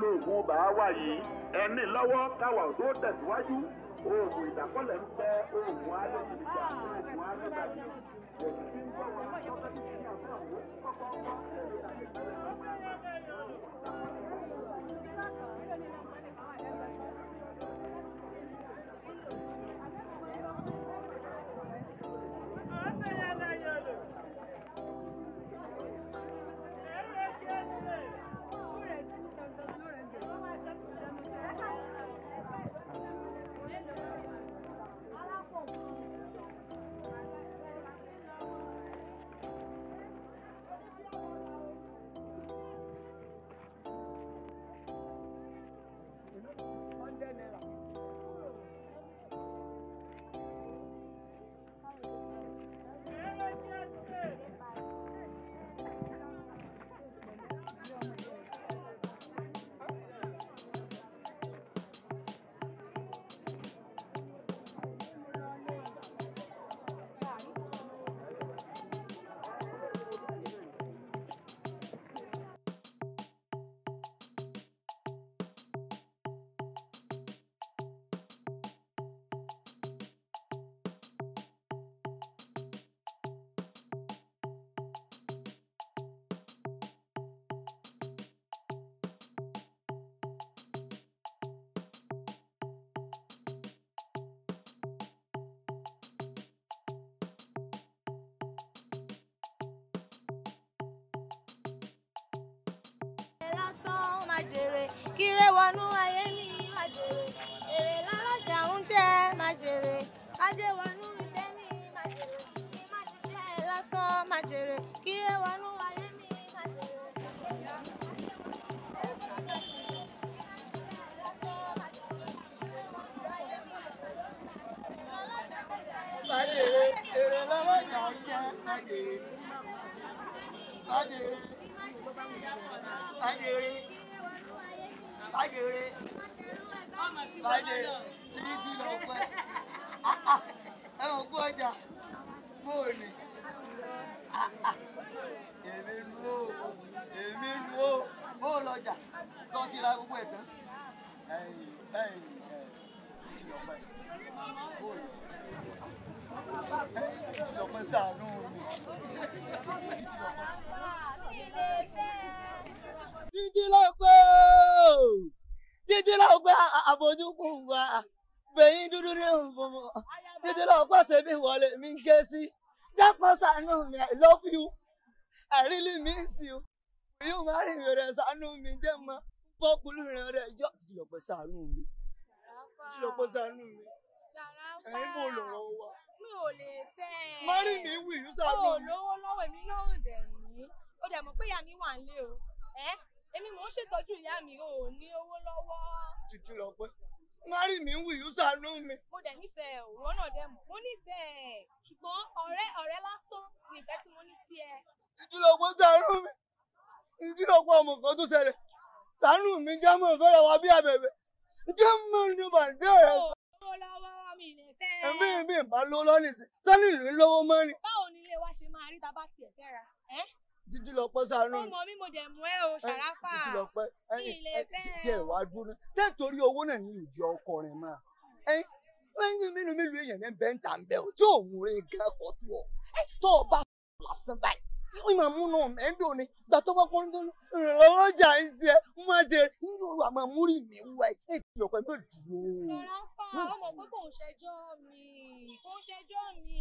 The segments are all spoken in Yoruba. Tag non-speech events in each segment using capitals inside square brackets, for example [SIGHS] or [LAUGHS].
lo oògùn bá wà yìí ẹni lọ́wọ́ káwa ò tó tẹ̀síwájú oògùn ìdákọ́lẹ̀ ń bẹ oògùn alẹ́sìlìjà oògùn alẹ́sìlìjà Thank you. máa jèrè kíre wọnú ayé mi máa jèrè èrè lálọ́jà ń jẹ́ máa jèrè ajé wọnú iṣẹ́ mi máa jèrè kí má ṣiṣẹ́ lásán máa jèrè kíre wọnú ayé mi máa jèrè. Májèrè, èrè lọ́lọ́jà ń jẹ́ májèrè. Májèrè. Májèrè báyìí báyìí ibi tí lọ pẹ́ [LAUGHS] ẹ ò kú ọjà bóòlì [LAUGHS] èmi nu o èmi nu o bóòlù ọjà sọ ti ra gbogbo ẹ̀ tán ẹ̀yìn ẹ̀yìn ẹ̀ ti lọ pẹ́ bóòlù títí ọpẹ́ ṣàánú mi títí ọpẹ́. títí lọ pé. títí gba gbé àbójúkú wa dúdú ní ohun títí náà wọlé mi ń ké sí sànú mi I love you I really miss you yóò rìn rẹ̀ sànú mi jẹ́ mọ́ fọ́kùlù rẹ̀ rẹ̀ èmi mò ń ṣètọ́jú ìyá mi ò ní owó lọ́wọ́. títí lọ pé mari mi ń wù yóò ṣàánú mi. mo dẹ̀ nífẹ̀ẹ́ òwúrọ̀ náà dẹ̀ mọ̀ mo nífẹ̀ẹ́ ṣùgbọ́n ọ̀rẹ́ ọ̀rẹ́ lásán ni ìfẹ́ tí mo ní sí ẹ. títí lọ pé ṣàánú mi títí lọ pé ọmọ kan tó ṣẹlẹ̀ ṣàánú mi jẹ́ mọ̀ fẹ́rẹ̀ wá bí abẹ̀bẹ̀ jẹ́ mọ̀ ní bàjẹ́ rẹ̀. mo lọ́wọ́ mi lè fẹ́. ẹ̀mí mi ìbá ló lọ́ nìsín sẹ́ni ìlú lówó mọ́ni. báwo ni ilé dídí lọ pẹ́ sànú. ọmọ mi mo dẹ̀ mú ẹ o ṣàràfà dídí lọ pẹ́ mi lè ẹ wá dúró ṣé torí owó náà ní ìjọ ọkọ rẹ máa ẹ ẹyìn mélòó mélòó èèyàn ní bẹ́ẹ̀ ń tà o tí òun rẹ gan kọ tó ọ tó o bá lásán báyìí ó máa mú náà mẹ́ńdò ni gbà tó wọ́n kọ́ni tó ọlọ́jà ń ṣe máa jẹ nínú olú àmọ́ múrì mi wá ẹ̀ kí ọ̀pẹ náà dùn ó. ṣàràfà ọmọ pé kò ń ṣẹjọ́ mi kò ń ṣẹjọ́ mi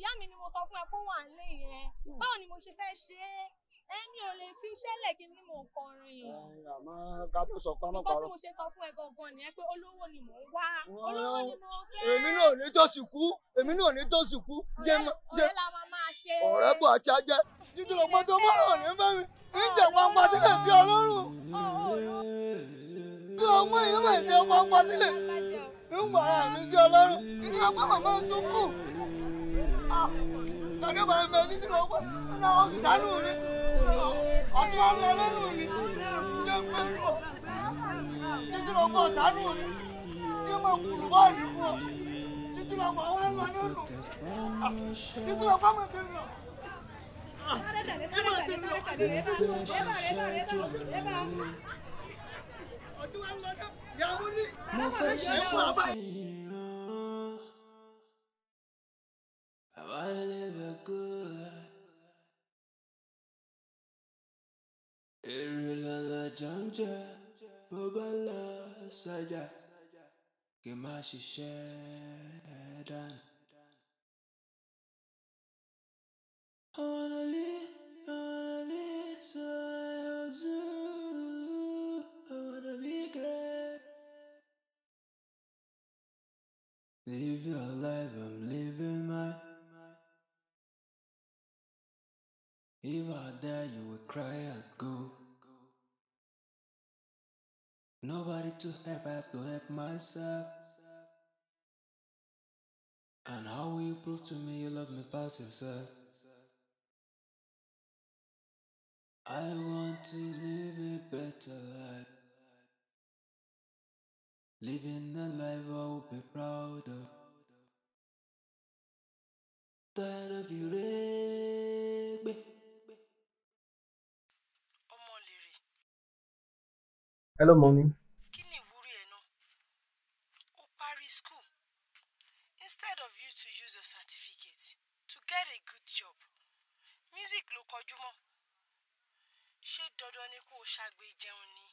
ìyá mi ni mo sọ fún ẹ kó wà nílé yẹn hmm. báwo ni mo ṣe fẹ́ ṣe é èmi ò lè fi ṣẹlẹ̀ kí ni mo kọrin. àmọ́ ká tó sọ pamọ́ parọ́. nǹkan tí mo ṣe sọ fún ẹ gangan nìyẹn pé olówó ni mò ń wá olówó ni mo fẹ́. èmi náà ní tó sì kú èmi náà ní tó sì kú. ọ̀rẹ́ la máa máa ṣe. ọ̀rẹ́ bò àti ajẹ́ jíjú lọ́pọ̀ tó mọ̀ ọ́ ní fẹ́mi ní ìjẹ̀pá pa sílẹ̀ sí ọlọ́run. kí ọmọ ìyá máa ń jẹ́ pa pa sílẹ̀ ń gbàrà mi sí ọlọ́run kí ni ọmọ màmá sunkún tọ́jú bá ń bẹ títí lọ pé ọlọ́wọ́ sì dánú rí ọtún wọn lọ lẹ́nu rí ní pé rò títí lọ pé ọ̀dánú rí ní pé kùrù bọ́ọ̀ ní pọ̀ títí lọ àwọn ẹ̀rọ lọ́nà títí lọ pé àwọn ẹ̀rọ lọ́nà. Mo fẹ́ ṣe pàtàkì. I live a good. life. Irilala janja, bubala saja, kimashi shedan. I wanna live, I wanna live, so I hold you. I wanna be great. Live your life, I'm living mine. If I die, you will cry and go. Nobody to help, I have to help myself. And how will you prove to me you love me past yourself? I want to live a better life. Living a life I will be proud of. Tired of you, baby. Hello, mommy. Kí ni ìwúrí ẹ náà? O parí school. Instead of you to use your certificate to get a good job, music ló kọjú mọ́. Ṣé dandan ni kó o ṣàgbé jẹun ni?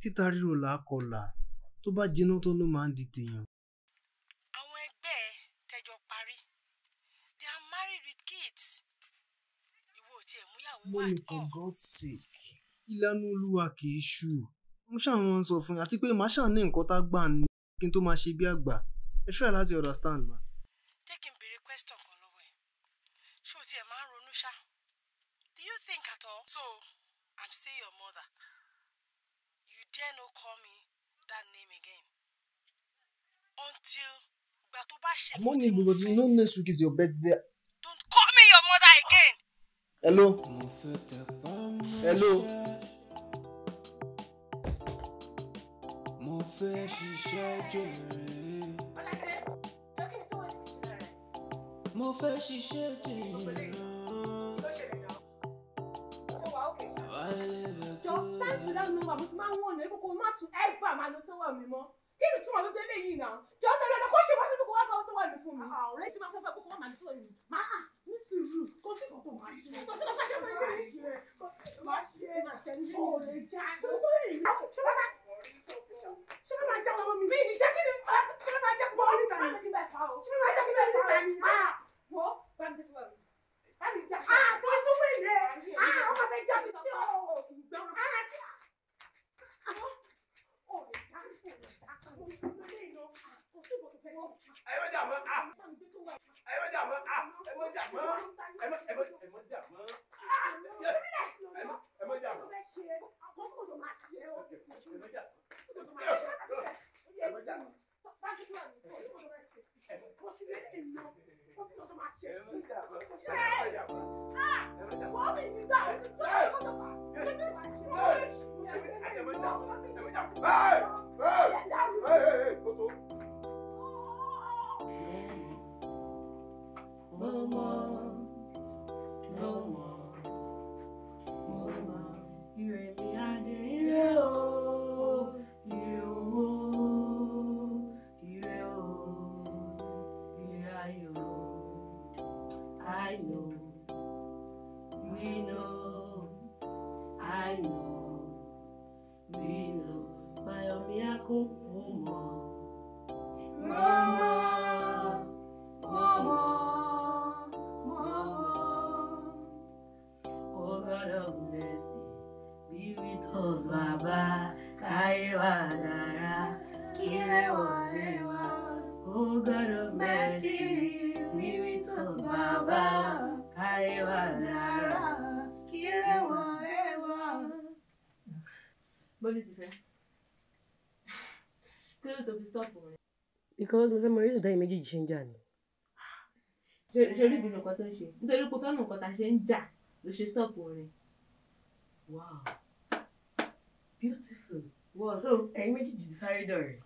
Títa ríro làákọlà tó bá jiná tán ló máa ń di tèèyàn. Mọ́mí for God's sake, ìlànà olúwa kì í ṣù. Mo ṣàwọn sọ fún yín àti pé màá ṣàn nǹkan tá a gbà ní kí n tó máa ṣe bí àgbà. Ẹ ṣọ́ra láti understand ma. Jẹ́ kí n béèrè question kan lọ́wọ́ ẹ̀. Ṣé o tiẹ̀ máa ń ronú ṣá? Do you think at all? So, I'm still your mother. You dare no call me that name again. Until ìgbà tó bá ṣe. Mọ́mí, but you know next week is your birthday. Don't call me your mother again hello hello. mo fẹ́ ṣiṣẹ́ jèrè. mo fẹ́ ṣiṣẹ́ jèrè. jọ tẹ̀lé ọ̀dọ̀ kó ṣe wá síbi kó wá bá tó wà mí fún mi. Ah, ah, ọ̀rẹ́ tí máa sọ fẹ́ kókó wà máa lo tó wà mí máa. Ah, sùúrù kó fi kókó máa ṣe é. kòsìlọ́ fẹ́ ṣe máa ṣe é. máa ṣe é. máa ṣe é. o lè já. ṣé wọ́n máa já ọmọ mi. mi ní jẹ́ kí ni ṣé wọ́n máa já ọmọ mi níta ni. ṣé wọ́n máa já ọmọ mi níta ni. wọ́ bá mi tẹ́tí wà mí. Ah, tó tó wẹ̀lẹ̀. Ah, ọmọ mi já mi sí ọ̀rọ̀ ògbọ́n. Ah, ti. Ah, o lè já. O lè já. Mo ní ìlú ilé Kò sí ìbò tó fẹ́ ṣe ẹ mọ jà mọ́ ẹ mọ jà mọ́ ẹ mọ jà mọ́ ẹ mọ ẹ mọ ẹ mọ jà mọ́ ẹ mọ jà mọ́. Hey! Hey! Hey! Hey! Hey! Hey! Mama, mama, mama, you read me, I did. gbọ́dọ̀ mẹ́sì níbi tó ti máa bá káyé because my fẹ́ is orísìí táyì méjèèjì ṣe ń jà ni. ṣe orí ìbínú nǹkan tó ń ṣe nítorí pé wow beautiful. What? so ẹ̀yin méjèèjì ti sáré dọ̀rẹ́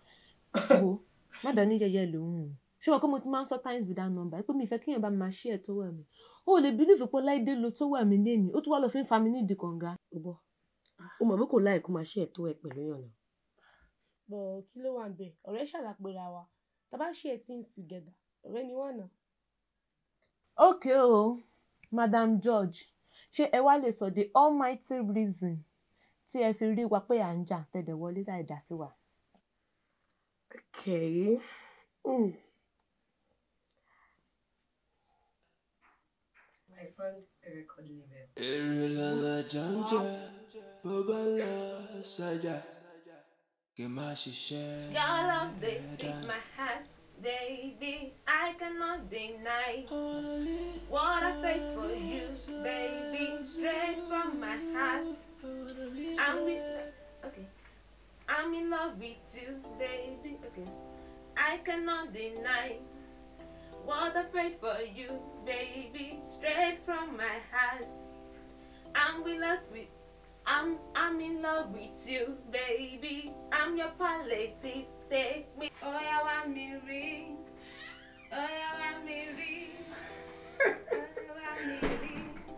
má dání yẹ̀yẹ́ lòun ṣé wọn kọ́ mo ti máa ń sọ times without number pé mi ìfẹ́ kéèyàn bá mi máa ṣí ẹ̀ tó wà mí o ò lè bílíìfù pé láìdé lo tó wà mí léèní ó tún wá lọ fi ń fa mi ní ìdí kànga. o bọ o mọ̀ pé kò láì kó máa ṣí ẹ̀ tó ẹ pẹ̀lú yànnà. bọ̀ kí ló wà ń bẹ̀ ọ̀rẹ́ ṣàlàpẹ̀rẹ̀ àwa tá a bá ṣe things together ọ̀rẹ́ ni wà náà. okay o madam George ṣé ẹ wá lè sọ the almighty reason tí ẹ fi rí wa pé à ń jà tẹ̀dẹ̀ wọlé láì dá sí wa. Okay. Mm. I found a record label. saja, my baby. I cannot deny what I for you, baby. Straight from my heart. I'm with. Okay. I'm in love with you, baby. Okay. I cannot deny what I prayed for you, baby, straight from my heart. I'm in love with I'm I'm in love with you, baby. I'm your palliative. Take me. Oh yeah, want me ring. Oh yeah, want me ring.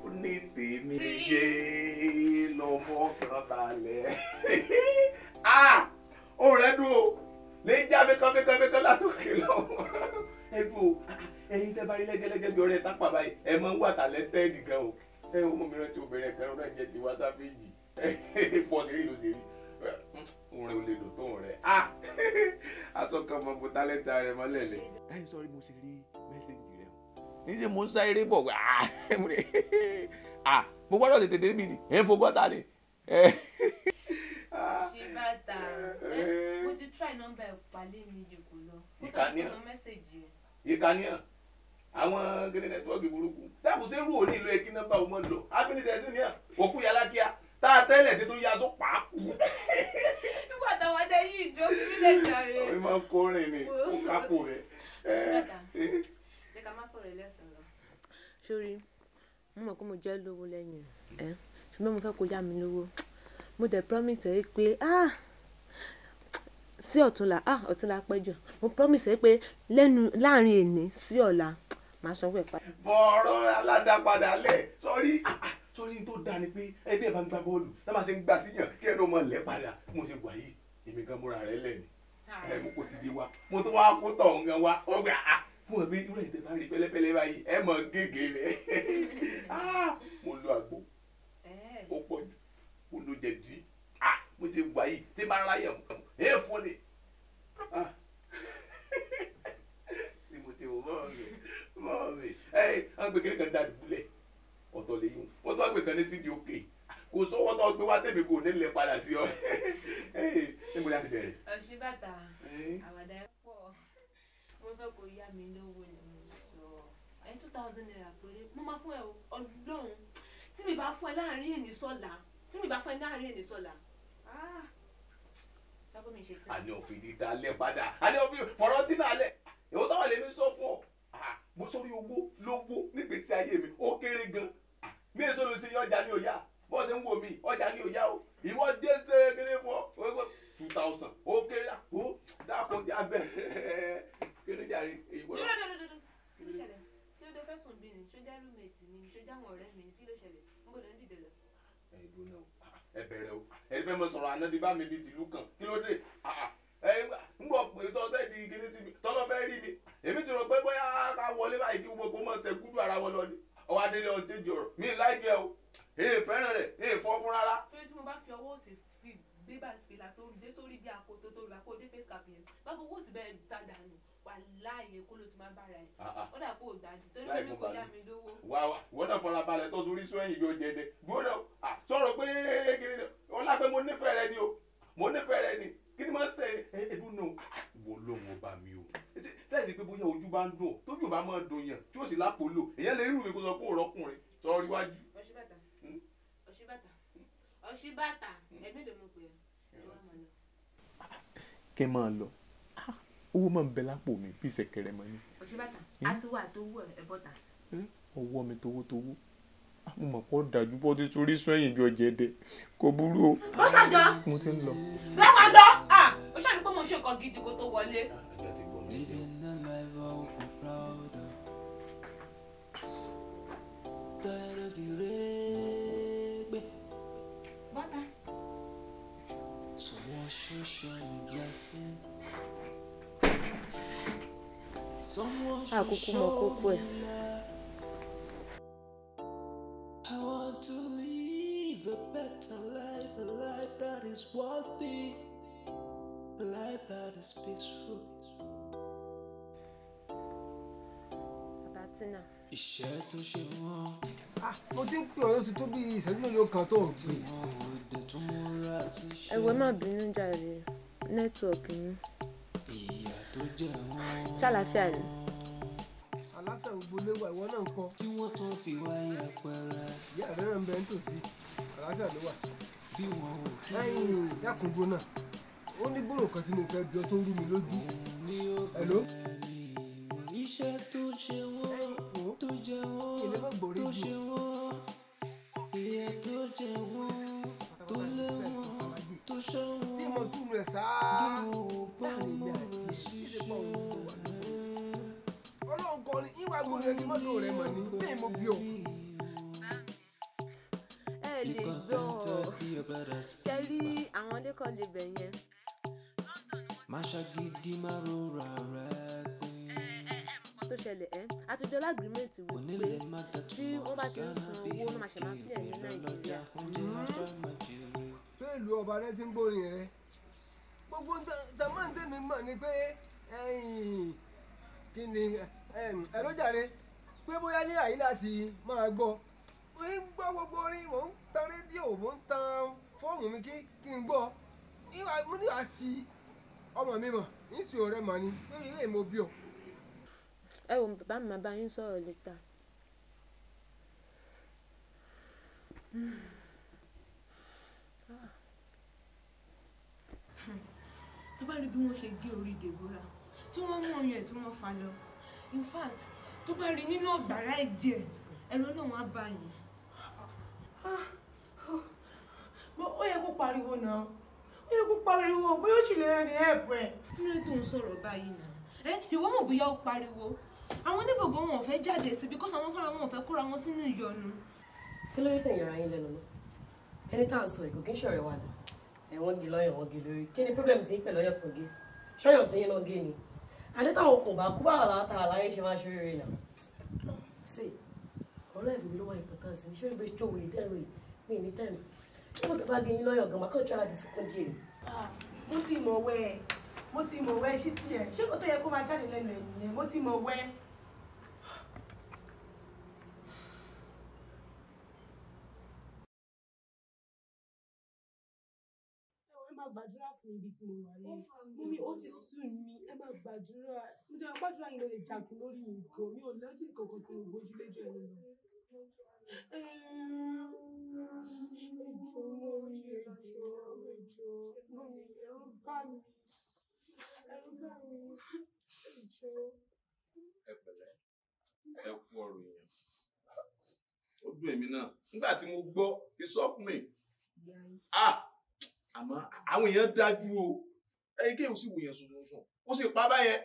ó me, tèmi yé lọ́mọ́ kan balẹ̀. [LAUGHS] Ah, rẹ dùn o lè já bẹ́kán bẹ́kán bẹ́kán látòkè lọ́wọ́ ẹ bù o ẹyin tẹ bá rí lẹ́gẹ́lẹ́gẹ́ bí ọ̀rẹ́ tápà báyìí ẹ máa ń wà tàlẹ́ tẹ́ẹ̀dì gan o ẹ ọmọ mi rántí obìnrin kan náà jẹ ti wásápì yìí pọ̀ sí rí ló sì rí òun rẹ ò lè lò tó òun rẹ aṣọ ah, kan mọ bó tálẹ́tà rẹ mọ́lẹ̀ lẹ. ẹ sọrí mo sì rí mẹ́sẹ̀gì rẹ níṣẹ́ mo ń sáré bọ̀ pé ah, ah, mo gbọ́dọ̀ tètè débi ni ẹ̀ ń fo gọ́ta ni. Eh. Eh, mo ti try nọ́mbà ẹ palẹ mi yìí kò lọ ìkànnì ìkànnì àwọn gẹ́gẹ́ nẹ́tíwọ́ọ̀kì burúkú dábùsẹ́ rú òní ìlú ẹ̀kí nọ́mbà ọmọ lò ábínísẹ̀ sí ni à òkú yàrá kíá tá a tẹ́lẹ̀ tí tó yá tó pa á kú. nígbà táwọn adé yìí ìjọ sílẹ̀ jàre. orí máa ń kọrin ni ó kápò rẹ. Eh, sórí mo mọ̀ pé mo jẹ́ lówó lẹ́yìn ẹ̀ ṣùgbọ́n mo fẹ́ kó yá mi lówó mo dẹ̀ promise ẹ pé ah sí ọ̀túnla ah ọ̀túnla péjọ mo promise pé lẹ́nu láàrin èní sí ọ̀la màá sọ wẹ̀ padà. bọ̀ọ̀rọ̀ aládàpadà lẹ̀ sọ́rí ah, ah, sọ́rí tó dáa ni pé ẹbí ẹ̀ bá ń gbá bọ́ọ̀lù tá bá ṣe ń gbà síyàn kí ẹnu ọmọ lẹ̀ padà mo ṣe wà yìí èmi gan múra rẹ̀ lẹ̀ ni ah. ẹ̀ mo kò ti di wa mo tó wá kó tọ̀ ń gan wa ó gbà á fún ẹbí irú ẹ̀ bá rí pẹ́lẹ́pẹ́lẹ́ báyìí ẹ mọ gègé [LAUGHS] mo lo àgbo ó pọ̀ mo lo jẹ̀dí mo ti wà yìí tí máa ń ráyè mú ẹ fún ni ah. [LAUGHS] tí mo ti wò mọ́ mi mọ́ mi ẹ à ń gbé kékeré kan dáadé fúlẹ̀ ọ̀tọ̀ lẹ́yìn wọ́n tó wá gbé kan ní sídìí òkè kò sówó tó gbé wá tèmi kò ní lè padà sí ọ [LAUGHS] ẹ mo yà bẹ̀rẹ̀. ọ̀sìn bàtà àwàdà ẹ̀ pọ̀ mo fẹ́ kó yá mi lówó ni mo sọ ẹ̀ two thousand naira péré mo máa fún ẹ ọdún tí mi bá fún ẹ láàrin ènìsọ́la tí mi bá fún ẹ láàrin ènìsọ́la Ah. àní òfin dídá lẹ padà àní òfin fọ̀rọ̀ tí náà lẹ̀ èwo tọrọ lèmi sọ fún ọ ah, mo sórí owó lówó nígbèsí ayé mi ó kéré gan ah, mi èso ló ṣe ọjà ní òyà bó ṣe ń wò mí ọjà ní òyà o ìwọ jẹ́ ṣe kéré fún ọ two thousand ó kéré àpò dákun já bẹ́ẹ̀ [LAUGHS] kéré jàre ìwọ. dúró dúró dúró kí ló ṣẹlẹ̀ kí ló fẹ́ sùn bí ni ṣó jẹ́ rúmẹ̀tì mi ṣó jẹ́ àwọn ọ̀rẹ́ mi kí ló ṣẹlẹ̀ ń bọ̀ lọ́ ẹ bẹ̀rẹ̀ o ẹ fẹ́ mọ sọ̀rọ̀ ànádi bá mi bíi tìlú kan kí ló dé ah, ah. ẹ ń gbọ́ pé tọ́sẹ̀ di kíní ti mi tọ́lọ́ fẹ́ rí mi èmi ti rò pé bóyá ká wọlé báyìí kí gbogbo mọ̀ ṣe gúdú ara wọn lọ ni ọwọ́ adélé ọ̀hún tẹ́jú ọ̀rọ̀ mi láìpẹ́ o èè fẹ́ràn rẹ̀ èè fọ́ fún rárá. torí tí mo bá fi ọwọ́ òsì fi gbé bá ìpìlà tó dé sórí bí akoto tó lu akóde face cap yẹn bá fọwọ́ òsì bẹ́ẹ̀ dáadáa nù láàyè kó ló ti máa bára ẹ̀ ah, ah. ó dà kó o gbàdúrà torí pé mi kò yá mi lówó. wá wá wọ́n náà fara balẹ̀ tó sórí sún ẹ̀yìn bí ó jẹ dé gbọ́dọ̀ sọ̀rọ̀ pé kiri ni wọ́n lá pé mo nífẹ̀ẹ́ rẹ ni o mo nífẹ̀ẹ́ rẹ ni kí ni máa ń sẹ ẹbí nù wọ lóhùn ọba mi o láìsí pé bóyá ojú bá ń dùn tóbi ò bá máa dùn yàn tí ó sì lápò lò èyàn lè rí ìwé kó sọ pé ò rọkùnrin sọ ọ ríwájú. ọṣibàtà ọṣibàtà hmm? ọṣibàtà hmm. ẹbí lè mú pé kí n máa lọ owó máa ń bẹ lápò mi bí ìsẹ̀kẹ̀rẹ̀ mọ́ ni. òṣìbàtà àti hmm? wà tó wọ ẹ̀bọ̀tà. Hmm? ọwọ́ ah, mo mọ̀ pọ́ dájú bọ́ títorí sún ẹ̀yìn bí ọjà ẹ̀dẹ̀ kò burú o. ó ṣàjọ mo ti ń lọ. lọ́pàá ah, mo ṣe nǹkan gidi kó tó wọlé. Bọ́tà. So wash your shining blessing àkókò mọ kókó ẹ̀. I want to live a better life, a life that is worthy, a life that is peaceful. Bàbá Tina. Iṣẹ́ tó ṣe wọ́n. Ah, mo ti ń pè ọ́ lóṣù tó bí ìṣẹ́jú mélòó kan tó ń pè. Ẹ̀wẹ̀ má bínú jàre, nẹ́tíwọ̀kì yín tó jẹ ṣàlàfíà ni. aláfẹ́ gbogbo lé wà ìwọ náà ń kọ. tí wọ́n tún fi wá yẹpẹrẹ. ìyá rẹ̀ ń bẹ nítòsí aláfíà ló wà. bí wọn ò kí ló sì. ẹyin yàkùngbó náà ó ní gbòòrò kan tí mo fẹ́ bí ọ tó rú mi lójú. ẹ̀ló. iṣẹ́ tó ṣe wọ́n tó jẹ wọ́n tó ṣe wọ́n ìyẹn tó jẹ wọ́n tó lé wọ́n tó ṣe wọ́n bí wọn ò bá mọ́ ọgbọ́n olùkọ́ ọlọ́run kọ ni ìwà gbọ́n rẹ ni mọ́tò rẹ mọ̀ ní bẹ́ẹ̀ mo bí ọ. ẹ lè gbọ́ ṣẹ́rí àwọn lè bẹ̀ yẹn. tó ṣẹlẹ̀ ẹ́ àtijọ́ lágbìmẹ̀tì wò pé tí wọ́n bá ti ń owó ló máa ṣe máa sílẹ̀ ní nàìjíríà. bẹ́ẹ̀ lu ọba rẹ ti ń gbórin rẹ gbogbo tàmáǹtẹ̀mí mọ̀ ni pé kí ni ẹ̀rọ jàre pé bóyá ní àyínlá ti máa gbọ́ ń gbọ́ gbogbo orin mo ń tan rédíò mo ń tan fóònù mi kí kí n gbọ́ mo ní wàá sí ọmọ mi mọ̀ nísìnyí ọ̀rẹ́ mọ̀ ni pé ilé mo bí ọ. ẹ wo bàbá mi máa bá yín sọ̀rọ̀ lẹ́tà. Hmm. Ah. Hmm. tó bá rí bí wọ́n ṣe gé orí Deborah tí wọ́n mú oyún ẹ̀ tí wọ́n fa lọ in fact tó bá rí nínú ọ̀gbàrá ẹ̀jẹ̀ ẹ̀rọ náà wọ́n á bá yìí. ó yẹ kó pariwo náà ó yẹ kó pariwo bóyá ó sì lè rẹ ní ẹ̀pù ẹ̀. nílé tó ń sọ̀rọ̀ báyìí náà ẹ ìwọ mọ̀ bóyá ó pariwo àwọn oníbòbò wọn ò fẹ́ jáde sí because àwọn fúnra wọn ò fẹ́ kóra wọn sínú ìyọnu. kí ló dé tẹ̀yìn ara yín lẹ́nu náà ẹni tá à ń sọ ìgò kí ń ṣọ̀rẹ́ wa náà ẹ̀wọ̀n gé lọ́yọ̀ wọn gé lórí kí ni problem ti ń pẹ̀ lọ́yọ̀ tó gé ṣọ́yọ̀ tí yín náà gé ni adé táwọn kò bá kú bá àlàáta àlàyé ṣe máa ṣe rere nà sí ọ̀rọ̀ ẹ̀fìn mi ló wà ìpọ̀tánsì mi ṣé ibi tó wèrè tẹ́rù mi ní tẹ́rù ṣé mo tẹ́ bá gé yín lọ́yọ̀ gan-an kàn tíra láti ti kún díẹ̀. mo ti mọ̀ wẹ́ mo ti mọ̀ wẹ́ ṣé tiẹ̀ ṣé kò tó yẹ kó máa jáde lẹ́nu ẹ̀yìn mo ti máa gbàdúrà fún ibi tí mo wà ní mímí ó ti sú mi ẹ máa gbàdúrà mo dẹ̀ gbàdúrà yìí ló lè jagun lórí mi mi ò lọ́jọ́ kankan tí mo gbójú lójú ẹ̀ lọ. ẹjọ́ mo rí ẹjọ́ ẹjọ́ mo rí ẹ̀rù bá mi ẹ̀rù bá mi ẹjọ́. ẹ pẹ̀lẹ́ ẹ kú ọ̀rọ̀ èèyàn ó dùn èmi náà nígbà tí mo gbọ́ ìsọkùnrin ah àmọ́ àwọn èèyàn dájú o ẹyin kéèyàn sì wòyàn sùnsùnsùn ó sì pa báyẹn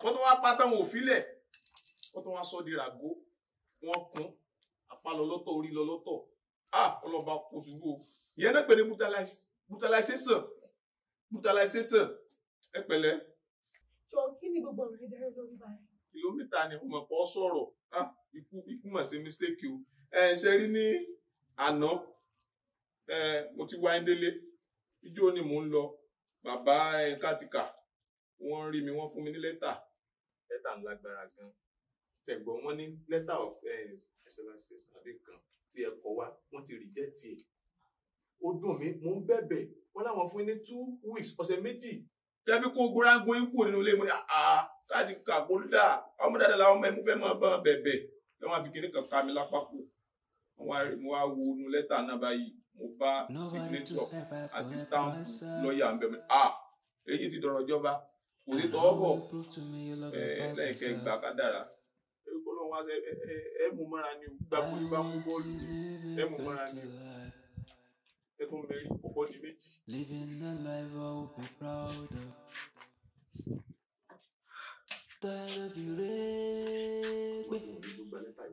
wọ́n tó wá pa táwọn òfilẹ̀ wọ́n tó wá sọ di ràgó wọ́n kún apá lọ lọ́tọ̀ orí lọ lọ́tọ̀ à ọlọ́ba kò ṣubú o ìyẹn náà pè ní brutalization brutalization ẹ pẹ̀lẹ́. jọ kí ni gbogbo ọ̀rọ̀ ìdarí ló ń bá ẹ. kìlómítà ni mo mọ̀ pọ́ sọ̀rọ̀ ikú ikú mà sí mistake o ẹ ṣe rí ní àná mo ti wá ẹ délé ijó ni mò ń lọ bàbá eh, kátìkà wọ́n rí mi wọ́n fún mi ní lẹ́tà lẹ́tà ńlá gbára gan tẹ̀gbọ́n wọ́n ní lẹ́tà of eh, excellence àbí kan tí ẹ kọ wá wọ́n ti reject ẹ̀ e. ó dùn mí mò ń bẹ̀bẹ̀ wọ́n láwọn fún ní two weeks ọ̀sẹ̀ méjì tẹ́bí kó gbórágbó ikú nínú ilé mo ní àá káàdì kàkó dà ọmọ dáadáa làwọn ọmọ ẹ̀ mo fẹ́ máa bá bẹ̀bẹ̀ lọ́wọ́n àfi kiri kankan mi lápá kù wọ́n wá wo inú lẹ́tà náà báyìí mo bá signature assistant lọ́ọ̀yà ń bẹ̀ mi ah, ti dọ̀rọ̀ jọba kò ní tọ́ bọ̀ eh, lẹ́yìn kẹgbà kádàrà olóhùn wa ẹ mú mọ́ra ni o gbàgbọ́ bá mú bọ́ọ̀lù ẹ mú mọ́ra ni ẹ tún mẹ́rin kò fọ́ méjì. Tired of you, baby.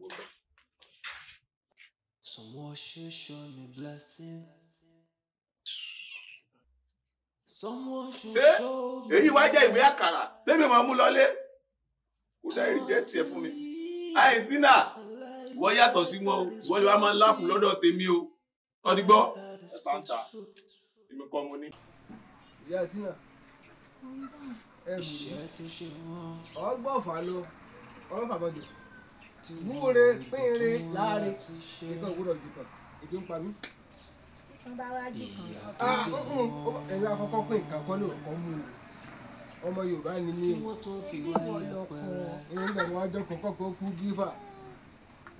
Someone should show me blessing. Someone should show me. Èyí wá jẹ́ ìwé àkàrà lébè máa mú lọlé. Kò dárí jẹ́ tiẹ̀ fún mi. Àìntínà ìwọ yàtọ̀ sí wọn o. Ìwọ ni wàá máa láàpù lọ́dọ̀ tèmi o. Ọdí gbọ́. Ẹ bá ń ta. Èmi kọ́ mo ní. Ìyá Tina. Ẹ bùrù. Ọgbọ́n fà lọ. Ọlọ́fà bọ̀dọ̀ múre péré láre ìkan òwúrọ̀ jù èdè ń pa mí. Ah, ẹ̀rọ àkọ́kọ́ pé nǹkan kan ló kọ́ mú un ọmọ Yorùbá ni mí ìwọ̀n bẹ̀rẹ̀ wọn jọ kọ́kọ́ kó kú gífà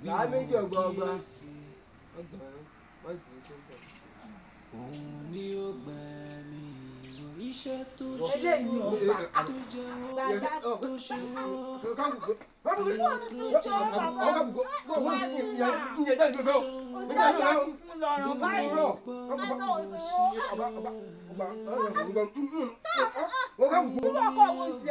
làá méjì ọgbà ọgbà ọgbà wọn kì í ṣe ń tẹ̀. òun ni ó gbẹ̀mí eléyìí ò pa bàbá tó ṣe wọ́n ìwọ tó jẹ́ bàbá tó wà nílà ó dájọ́ ti fún lọ́rọ̀ báyìí lọ́dọ̀ òṣèlú. bí wọ́n ṣe máa ń ṣe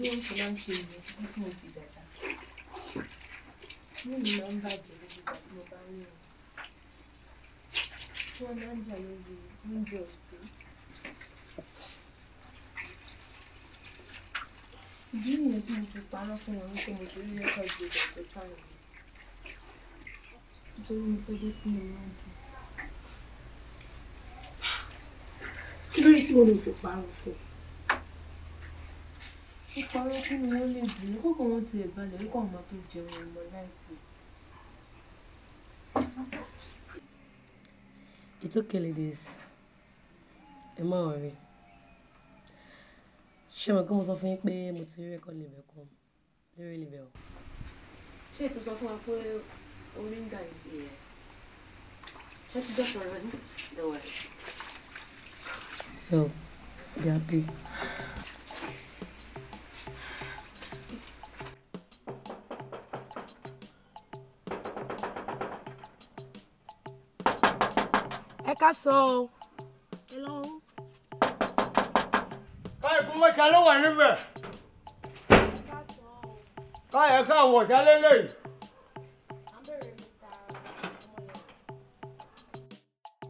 ìyẹn títí tí mo fi dàgbà mí ni máa ń bàjẹ́. wọ́n ìdí nìyẹn tí mo fi parọ́ fún wọn wípé mo ti rí rẹ́kọ̀ ìgbésẹ̀ tó mi nítorí mo fẹ́ dé fún mi náà dùn. kí lórí tí mo lè fi parọ́ fún un parọ́ kí ni wọ́n lè dùn kókò wọ́n ti lè balẹ̀ nípa ọmọ tó jẹun ọmọ láìpẹ́. It's okay ladies. Ẹ má worry. Ṣé mo kọ́ mo sọ fún yín pé mo ti rí ẹ̀kọ́ lèbẹ̀ kan lórí lèbẹ̀ o? Ṣé ètò sọ fún wa pé orí ń dà ìgbé ẹ̀? Ṣé ti jọ́ ní? Don't worry. So, be happy. Castle. Hello. o. káyọ̀ kó mọ̀ta ló wà níbẹ̀ káyọ̀ káwọ̀ dálélẹ̀ yìí.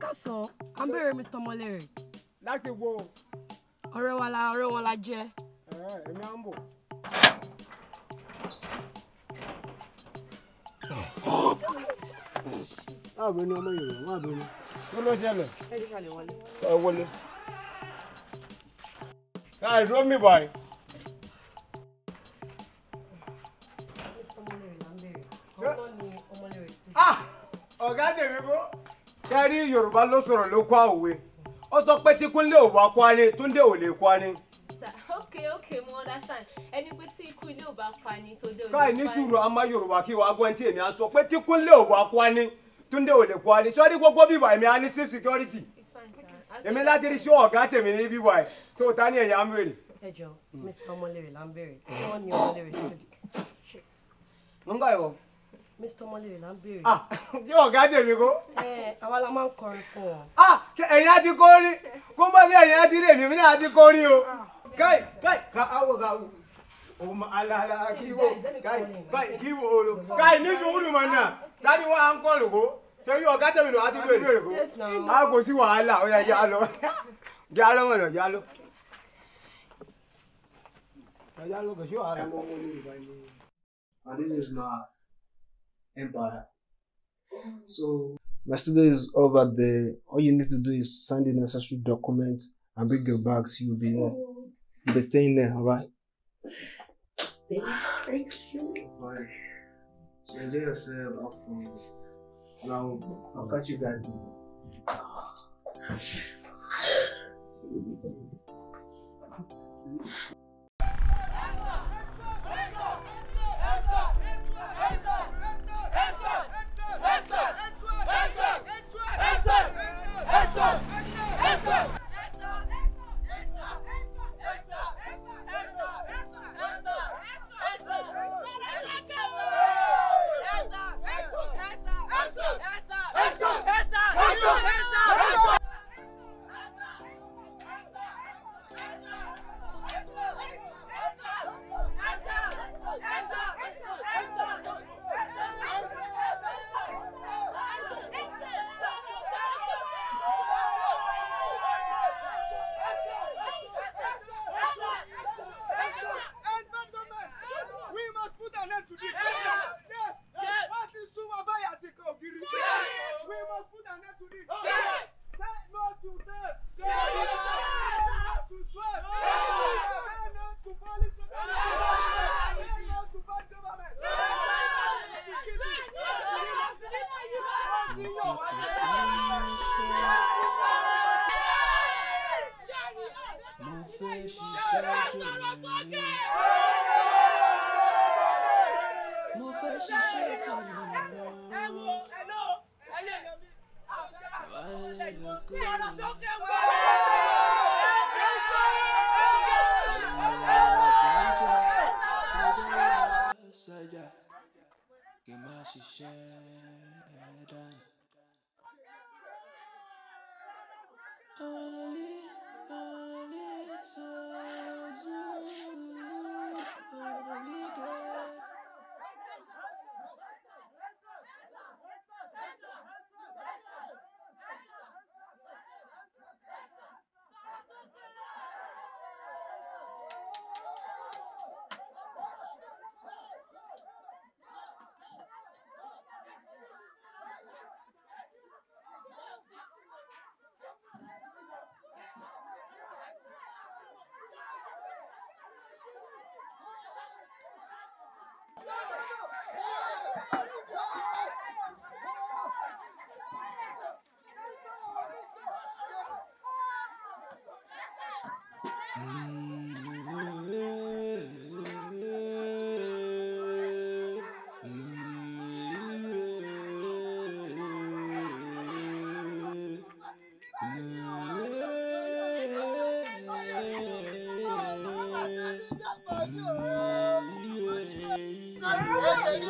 ká sọ à ń bèrè Mr. Mọlẹ́rè. láti wo. ọ̀rẹ́ wa la ọ̀rẹ́ wọn la jẹ́. ẹ̀ẹ́ èmi á ń bọ̀. Àbẹ̀ni ọmọ Yorùbá, kí ló ṣẹlẹ̀. ẹ wọlé. káì dúró mi báyìí. Ah! ọ̀gá tèmi bó. kẹ́rí yorùbá ló sọ̀rọ̀ ló kọ́ òwe ó sọ pé tí ò bá kọ́ túndé ò lè kọ́ ok ok mo understand ẹni pé tí ò bá pa tó dé ò lè pa ni. ní sùúrù a máa yorùbá kí wàá gbọ́n tí èmi á sọ pé tí ò bá kọ́ túndé ò lè kó adé sọ́ọ́rí gbogbo bíbá èmi á ní safe security èmi láti rí sí ọ̀gá tèmi ní bíbá ẹ̀ tó ta ní ẹ̀yà mèrè. ẹ jọ mr ọmọlérè là ń bèrè kí wọn ní ọmọlérè ṣe. mo ń bá ìwọ. mr ọmọlérè là ń bèrè. ah [LAUGHS] ṣé ọ̀gá tèmi kó. ẹ àwa la máa ń kọrin fún ọ. ah ẹ̀yin á ti kórí kó mọ́ bí ẹ̀yin á ti rí èmi mi náà á ti kórí o. káì káì ká áwọ̀ ká áwọ̀ o ma alala kí wo káì káì kí wo o lo káì ní sùúrù mọ́ náà tani wọn à ń kọ́ lòkó tẹ̀wé ọ̀gá tẹ̀wé lò àti bèrè a kò sí wàhálà ó yà já lọ já lọ mọ̀nà já lọ. já lọ kò And this is my empire. So my studio is over there. All you need to do is sign the necessary document and bring your bags. You'll be there. You'll be staying there, all right? Thank you. enjoy yourself, have fun. And I'll, I'll catch you guys [LAUGHS]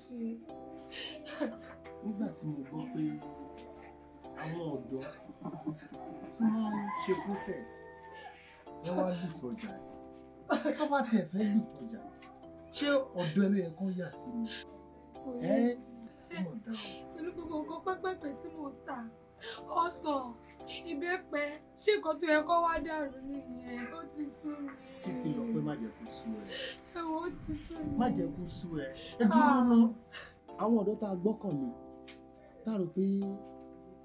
ṣe. nígbà tí mo gbọ́ pé àwọn ọ̀dọ́ tí wọ́n ń ṣe protest wọ́n wá lùtọ̀jà tó bá tiẹ̀ fẹ́ lùtọ̀jà ṣé ọ̀dọ́ ẹlẹ́yẹ kan yà sí mi. ẹ ẹ mọ̀ dáa. pẹ̀lú gbogbo nǹkan pẹ́pẹ́pẹ́ tí mo ta ọsàn ìbẹ́pẹ ṣé nǹkan tó yẹ kó wá dàrú nìyẹn ó ti sú mi. títí lọ pé má jẹ́ kó sú ẹ. ẹ̀wọ̀n ó ti sú mi. má jẹ́ kó sú ẹ. ẹ dúró ah. ná àwọn ọ̀dọ́ tá a gbọ́kànlé tá a rò pé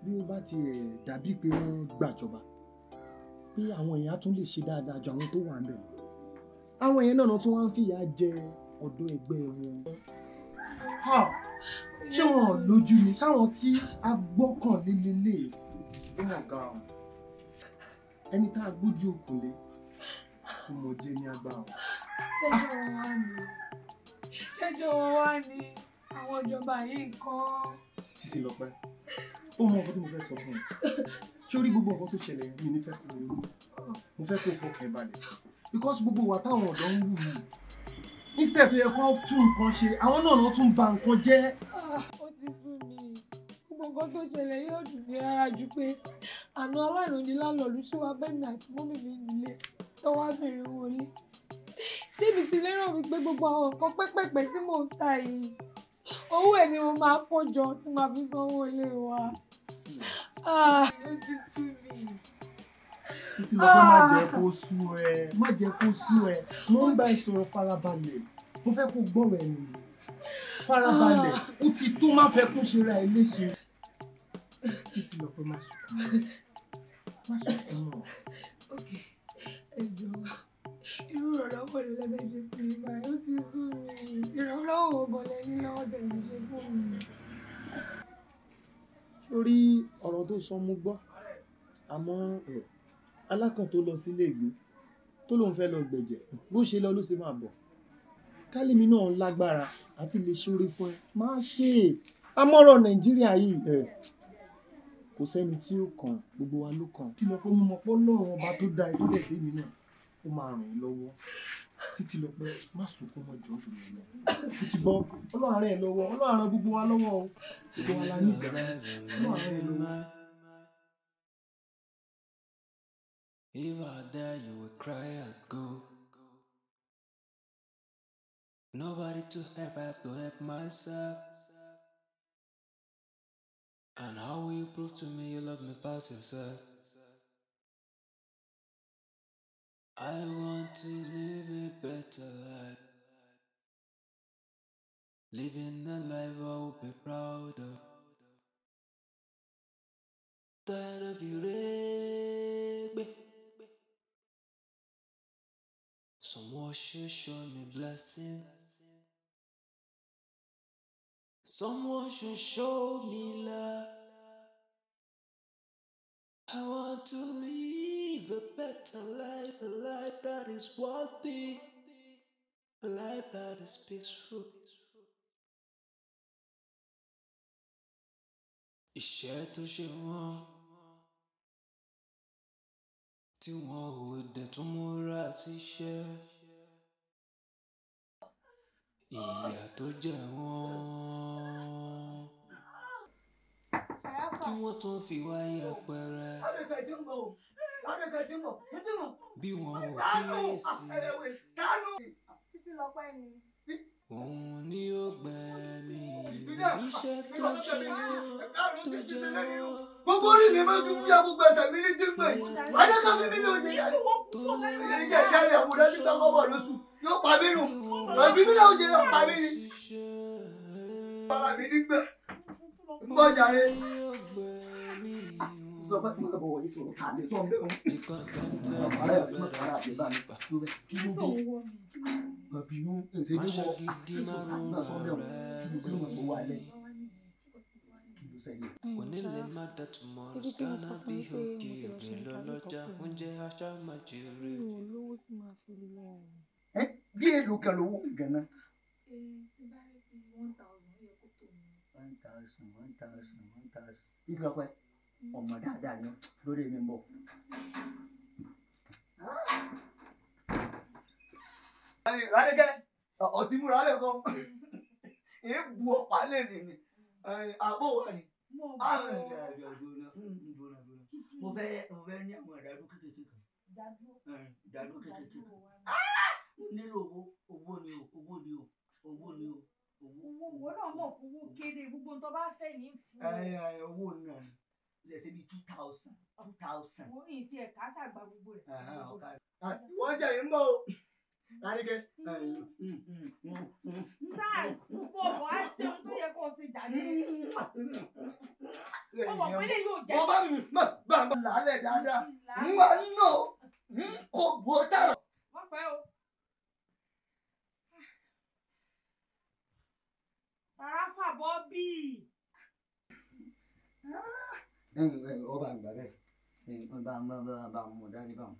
bí ó bá tiẹ̀ dàbí pé wọ́n gbàjọba pé àwọn èèyàn tún lè ṣe dáadáa ju àwọn tó wà ń bẹ̀ lọ àwọn èèyàn náà tún wá ń fìyà jẹ ọ̀dọ́ ẹgbẹ́ wọn ṣé wọn ò lójú ni sáwọn tí a gbọ́kàn lélele ó oh hàn ga ọ ẹni tá a gbójú okùn lé kò mọ̀ jẹ́ ní agbára. ṣẹ́jọ́ wọn wá ní ṣẹ́jọ́ wọn wá ní àwọn ìjọba yìí nǹkan. títí lọpẹ ó mọ ọkọ tí mo fẹ́ sọ fún un sórí gbogbo nǹkan tó ṣẹlẹ̀ mi ní fẹ́ kó o mo fẹ́ kó o fọkàn ẹ̀ balẹ̀ because gbogbo wa táwọn ọ̀dọ́ ń wù yìí instead tó yẹ kó tún nǹkan ṣe àwọn náà ló tún ba nǹkan jẹ́. Ah, ó ti sún mi gbogbo nǹkan tó ṣẹlẹ̀ yóò dùn mí rárá ju pé àná aláìrùn ni lálọ́ọ̀lù tí wàá bẹ́ẹ̀mì àti mọ́mì mi nílé tọ́wọ́ abẹ́rẹ́ wọlé tíbi ti lérò wípé gbogbo àwọn nǹkan pẹ́pẹ́pẹ́ tí mò ń ta yìí owó ẹ̀ ni mo máa kó jọ tí màá fi sanwó ilé wa. Ah, ó ti sún mi títí mo fẹ́ má jẹ́ kó sú ẹ má jẹ́ kó sú ẹ mo ń bá ẹ sọ̀rọ̀ mo fẹ́ kó gbọ́rọ̀ ẹ̀ nìyí farabalẹ̀ ó ti tó má fẹ́ kó ṣe ra ẹ léṣe títí lọ pé má sùn má sùn fún ọ. ok ẹ jọ̀wọ́ irú ìrànlọ́wọ́ ló lẹ́gbẹ́ ṣe fún mi báyìí ó ti sú mi ìrànlọ́wọ́ ògùn lẹ́ni lọ́wọ́ tẹ̀lé ṣe fún mi. sórí ọ̀rọ̀ tó sọ mú gbọ́ àmọ́ alákàn tó lọ sílé ìgbé tó lóun fẹ́ lọ gbẹ̀jẹ̀ bó ṣe lọ ló ṣe máa bọ̀ kálímì náà lágbára àti lè ṣoore fún ẹ má ṣe é amọ́rọ̀ nàìjíríà yìí ẹ̀ kò sẹ́ni tí ó kàn gbogbo wa ló kàn tí lọ pé mo mọ̀ pé ọlọ́run ọba tó da ẹ tó mi náà ó máa ràn lọ́wọ́ títí lọ má sunkún mọ́ jọ òdòdó lọ ó bọ́ ọlọ́run àárẹ̀ lọ́wọ́ ọlọ́run gbogbo wa lọ́wọ́ o ìjọba la ní ìgbà ọlọ́run àárẹ̀ lọ́wọ́. If I die, you will cry and go. Nobody to help, I have to help myself. And how will you prove to me you love me past yourself? I want to live a better life. Living a life I will be proud of. Tired of you, baby. Someone should show me blessing. Someone should show me love. I want to live a better life, a life that is worthy, a life that is peaceful. Iṣẹ́ tó ṣe wọ́n. tí wọn ò dẹ̀ tún múra síṣẹ́ ìyà tó jẹ wọ́n tí wọ́n tún fi wá yẹpẹrẹ bí wọn ò kíyèsí òun ni ó gbẹ̀mí iṣẹ́ tó ṣòro tó jẹ́ ó. gbogbo orí mi máa fi fúyà gbogbo ẹsẹ̀ mi ní tìpẹ́ adéka mi nílò ìjìyà ìjìyà ìjìyà rẹ̀ mú lọ nígbà kọ́kọ́ lóṣù yóò pa mí nù ọ̀bí mi náà jẹ́ yóò pa mí ni. bàbá mi nígbà nǹkan ọjà rẹ̀. Ọ̀rẹ́ ẹ̀ ti máa bá mi. Kí ló dé? máa mm, bínú ṣe ní bí òkè òbí lọ́lọ́jà oúnjẹ aṣá máa jèrè. ẹ bí èlò kan lówó gánà. títí lọ́pẹ́ ọmọ dáadáa ni lórí mi ń bọ̀ àmì ọtí múra lẹ́kọ́ ẹ̀ bu ọ̀pá lè nìyí àbò wà ní. mo fẹ́ mo fẹ́ ní àwọn ìdádó kékeré kan ìdádó kékeré kan nílò owó owó ni o owó ni o owó ni o. owó wo náà mọ̀ owó kéde gbogbo tó bá fẹ́ ní fún owó náà ṣe ṣe bí two thousand two thousand. wọ́n yìí tiẹ̀ kásà gba gbogbo rẹ̀. wọ́n jẹ̀ yín bọ́ o. Àríkẹ́. Sars, mo bọ̀ á ṣe ohun tó yẹ kó o ṣe jàdé. Mo mm. mọ̀ pé yóò jẹ́. Bọ́bá mi má bá lálẹ́ dáadáa. N wá nọ n kò bó tààrọ̀. Wọ́n pẹ́ o. Sàràfà bọ́ bí. Ọba àgbà bẹ́ẹ̀, ọba àmọ́ ọba àmọ́ dárí bá wọn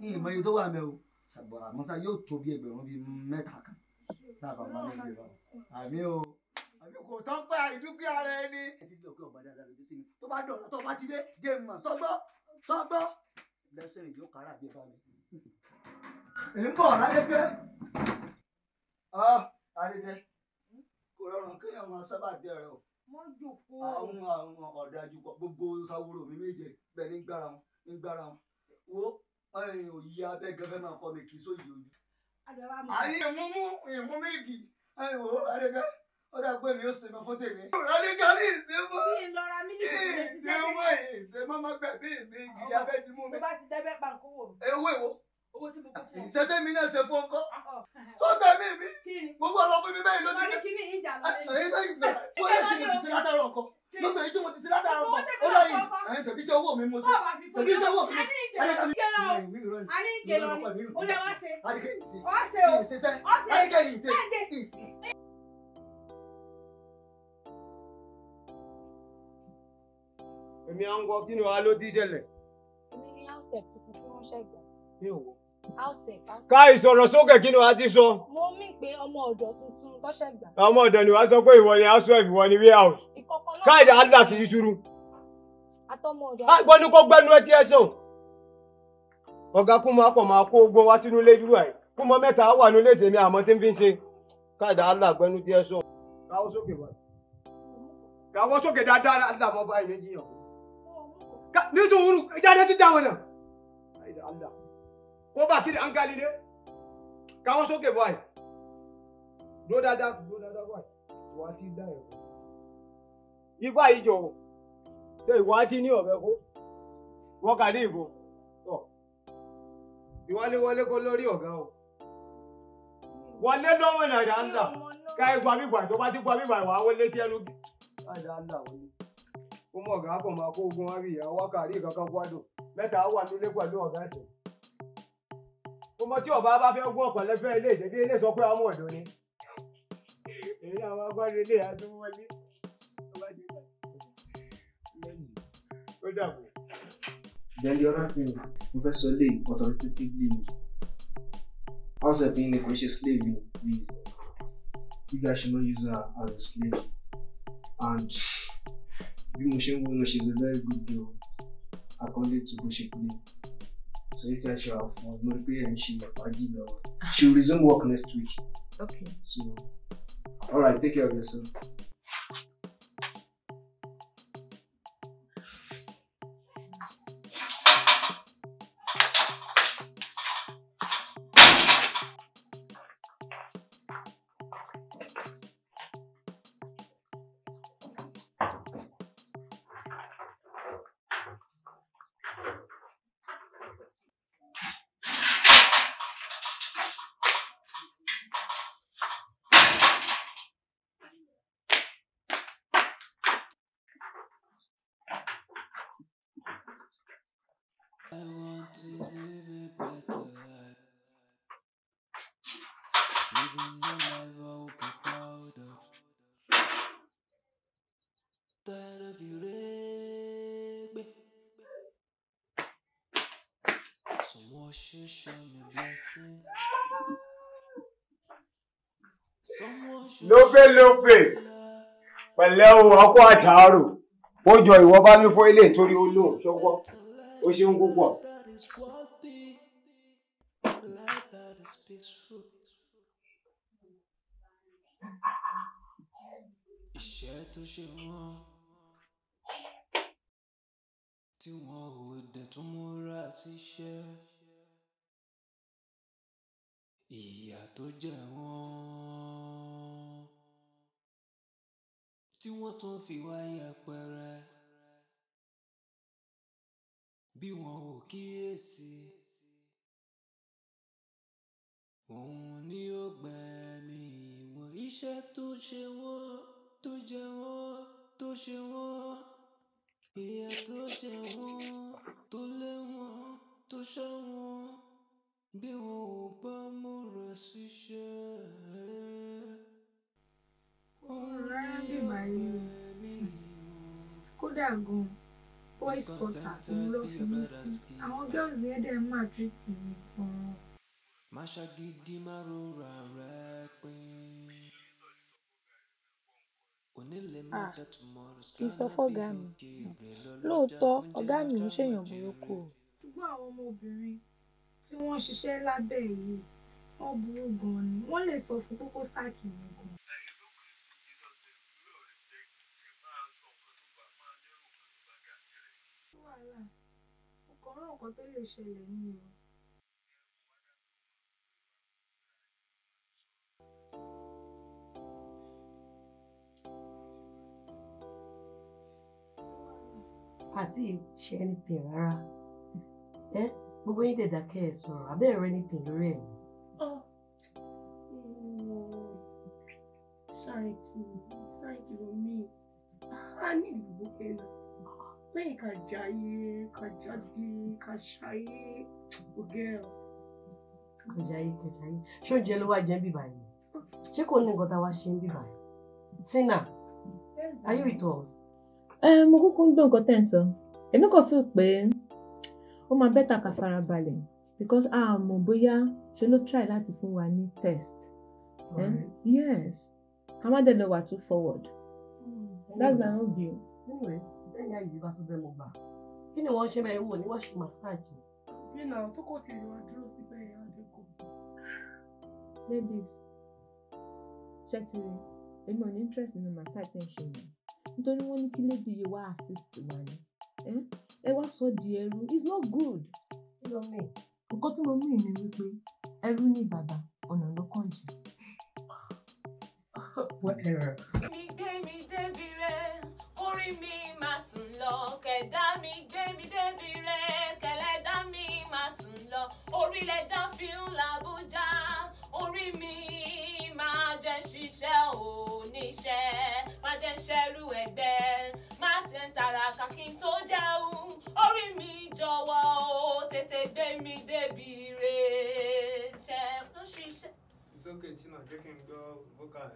ní ìmọ̀ iye tó wà mẹ́ o ṣàgbọ́n yóò tó ẹgbẹ̀rún bíi mẹ́ta kan láàbà máa ń lè lọ àmì o àmì kò tán pé àìdúkìá rẹ ni. ẹ ti lọ ọba dáadáa lójú sí mi tó bá dọ̀ tó bá ti dé jẹ́ mọ̀ sọ́gbọ́ sọ́gbọ́ lẹ́sẹ̀ rẹ̀ yóò kára bí ẹ bá mi. èmi bọ̀ ládẹ́gbẹ́ ọ àdìdẹ kò rọrùn kéèyàn máa sábà dẹ rẹ o. mo jòkó. àwọn àwọn ọ̀dájú gbogbo sáwúrò mi méje bẹ́ẹ̀ ní wọn ní wọn wo òye abẹ́ gan fẹ́ máa kọ́ mi kì í sóye ojú. àyè ìmúmú ìmú méjì ẹ̀wọ̀ àdégá ọ̀dà pé mi ò ṣe mọ́ fótè mi. àdégá ní ìṣẹ́mọ́ ìṣẹ́mọ́ ìṣẹ́mọ́ má gbàgbé mi ìyá abẹ́ ti mú mi. tó bá ti dẹ́bẹ̀ pa wò. ewé wo owó tí mo kọ́ fún ọ. ìṣẹ́jẹ́ mi náà ṣe fún ọkọ. sọ́gbà mi mi gbogbo ọ̀rọ̀ fún mi bẹ́ẹ̀ ló ti dé. kí ni ìjà lọ [LAUGHS] ẹ̀yin ṣèbí iṣẹ́ o a ní ìkè lọ ni ó lè wá ṣe ó ṣe o ó ṣe é. èmi à ń wọ kí ni wàá ló dín ṣẹlẹ̀. èmi ni house tuntun tí wọ́n ṣẹ̀gbà. mi ò wọ. house ah. ká ìsọ̀rọ̀ sókè kí ni wàá ti sọ. mo mí pé ọmọ ọ̀dọ̀ tuntun tó ṣẹ̀gbà. ọmọ ọ̀dọ̀ ni wàá sọ pé ìwọ ni housewife ìwọ ni warehouse. ìkọ̀kọ̀ náà ká ìdá àdá kì í àtọmọ ọ̀dọ̀. àgbọ̀nukọ gbẹnu ẹ tiẹ̀ sùn ọ̀gá kún máa pọ̀ máa kó ogun wá sínú ilé dúró àyè kún mọ́ mẹ́ta wà nílé ìsèmi àmọ́ tí ń fi ń ṣe káàdà alàgbẹ́nu díẹ̀ sọ. káwọ́ sókè wá káwọ́ sókè dáadáa alàmọ́ bá ìmí jiyàn. nítorí jáde sí dáwọn náà káàdà alà kó bá kiri àǹkálí dé káwọ́ sókè wá yìí dúró dáadáa dúró dáadáa wá yìí wà á ti dá ẹ̀ ibà yìí jọ̀wọ́ tẹ ìwà á ti ní ọ̀rẹ́ kó wọ́n kà ní ìbò ìwáléwọlé kó lórí ọ̀gá o hmm. wọlé lọ́wọ́ nàìjà ńlá ká igba bíbà tó bá ti gba bíbà ìwà wọlé sí ẹnu bí. nàìjà ńlá wọlé kó mọ ọ̀gá kò máa kó ogun wọn rí ìyàwó kárí kankan gbádùn mẹ́ta wà nílé pẹ̀lú ọ̀gá ẹ̀sìn. kó mọ tí ọba bá fẹ́ gún ọ̀pọ̀ lẹ́fẹ́ ilé ìdẹ́bí ilé sọ pé ọmọ ọ̀dọ́ ni. èyí àwọn agbára ilé àdúgbò wọlé ó dàbọ̀. Then the other thing, Professor Lay authoritatively house of being a conscious slave means you guys should not use her as a slave. And bí mo ṣe ń wo náà she's a very good girl according to bó ṣe play so if that show her phone mo rí pé ẹ̀ ń ṣe ìfàgì lọ she will resume work next week. Okay. so all right take care of yourself. lóbélóbè pẹ̀lẹ́ o ọkọ̀ àtàárò ó jọ ìwọ bá mi fọ́ ilé ìtorí olóhùn ṣọgbọ́n o ṣeun púpọ̀. iṣẹ́ tó ṣe wọ́n tí wọ́n ò dẹ̀ tún múra síṣẹ́ ìyà tó jẹ wọ́n tí wọ́n tún fi wá yẹpẹrẹ bí wọn ò kíyèsí òun ni ó gbẹ̀mí wọn iṣẹ́ tó ṣe wọ́n tó jẹ wọ́n tó ṣe wọ́n ìyà tó jẹ wọ́n tó lé wọ́n tó ṣá wọ́n bí wọn ò bá múra síṣẹ́ òun ni ó gbẹ̀mí wọn. kódà gan-an voice cutter tó ń lọ fi mí sí àwọn girls yẹn dẹ̀ máa treat mi gan-an. má ṣàgídí má rora rẹ pín ìsọfọ́gà mi lóòótọ́ ọ̀gá mi ń ṣèyàn burúkú. ṣùgbọ́n àwọn ọmọbìnrin tí wọ́n ṣiṣẹ́ lábẹ́ yìí wọ́n burú gan-an ni wọ́n lè sọ fún kókó sáàkì mi gan-an. nǹkan tó lè ṣẹlẹ̀ ni o. àti ṣe anything rárá ẹ gbogbo yín dẹ̀dà kẹ́ ẹ sọ̀rọ̀ abẹ́rẹ́ rẹ anything lórí ẹ̀ ni. sáré kiri sáré kiri omi a ní ìlú bókẹ́ pé ka jayé ka jáde ka ṣayé o girl. ka jayé ka jayé ṣé oúnjẹ ló wá jẹ ń bíbá yìí ṣé kò ní nǹkan Tina are you with us. Um, mo kúkú ń gbọ́ nǹkan tẹ́ ń sọ feel pé ó máa bẹ́tà ká fara balẹ̀ because a mọ̀ bóyá ṣe ló try láti fún wa ní test. Eh? yes ká má dẹ̀ lọ wà too forward hmm. that's my own view. Anyway. Kenya is Vasudem Ogba. Kí ni wọ́n ṣe bẹ́ẹ̀ wò ní wọ́n ṣe massage? Bí náà tó kò tí ìwà dúró síbẹ̀ ìyá Adéko. Ladies, ṣé ti rí èmi ò ní interest nínú massage tẹ̀ ń ṣe yẹn nítorí wọ́n ní kí lady yìí wá assist wa ni ẹ wá sọ di ẹrú it's not good. Kí ló mẹ́? Nǹkan tí mo mú ìní wípé ẹrú ní bàbá ọ̀nà ló kàn jù. Whatever. Mi gbé mi débi rẹ̀, orí mi ilẹ̀jà fi ń làbújá orí mi máa jẹ́ ṣiṣẹ́ oníṣẹ́ máa jẹ́ ṣẹ́rú ẹgbẹ́ máa jẹ́ tàràkà kí n tó jẹun orí mi jọ̀wọ́ o tètè gbé mi débi re jẹ́ ló ṣiṣẹ́. it's okay Tina jẹ́ kí n gbọ́ vocal.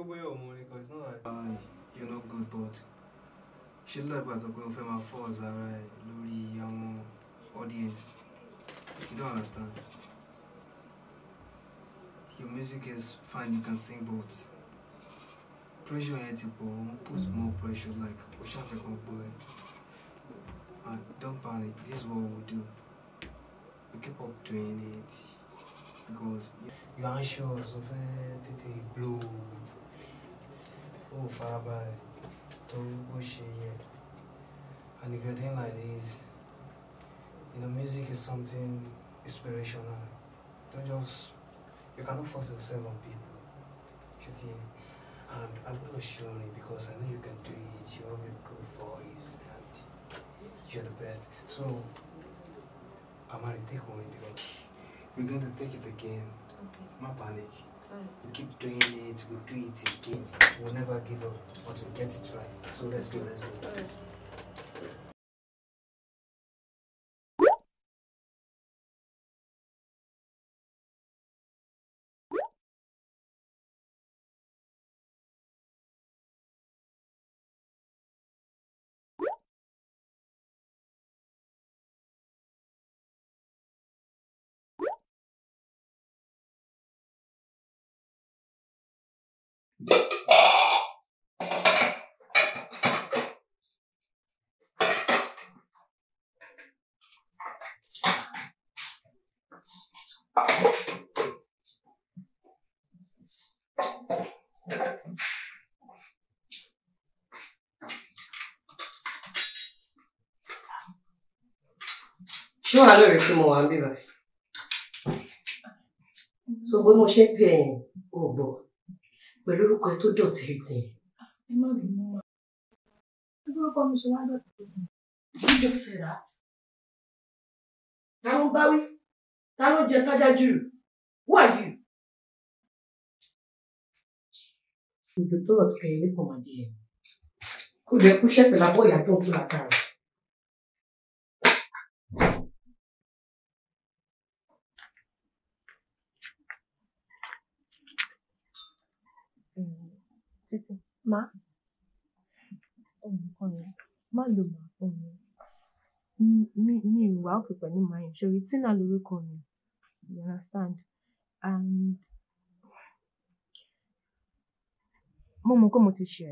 pé bóyá òun orin kan it's not like. ayi you're not good but she like tó pé o fẹ́ máa force ara ẹ lórí àwọn audience you don't understand your music is fine you can sing but pressure on your pọ̀ put more pressure like push ṣàfẹ́ kan gbọ́ and ah, don't panic this is what we we'll do we keep up doing it because you are anxious o fẹ́ tètè blow. ó farabalẹ̀ tó bó yet. and if you're doing like this you know music is something inspirational don't just you cannot force yourself on people ṣùtì and I'm going to show you because I know you can do it you have a good voice and you're the best so I'm gonna take one because we're going to take it again okay. my panic we keep doing it, we do it again. We'll never give up until we get it right. So let's go, let's go. ṣáà lóore tí mo wà ń bíbá so bí mo ṣe ń pè ẹ̀yìn ò gbọ́ pẹ̀lú orúkọ ẹ tó dọ̀tí létí yẹn. ẹ má bí mo máa ẹgbẹ́ orúkọ you just say that. ta ló ń báwí ta ló ń jẹ who are you. òjò tó rọ̀ kẹ̀yìn lẹ́kọ̀ọ́ máa di ẹ̀ kó lè kú ṣẹ́pẹ̀ lábọ́ ìyá tó ń títí má nǹkan yẹn má lo màá fún mi mi ìwà òkè pẹ̀lú màá yẹn ṣòrí Tina lórúkọ mi you understand and mo mọ̀ pé mo ti ṣe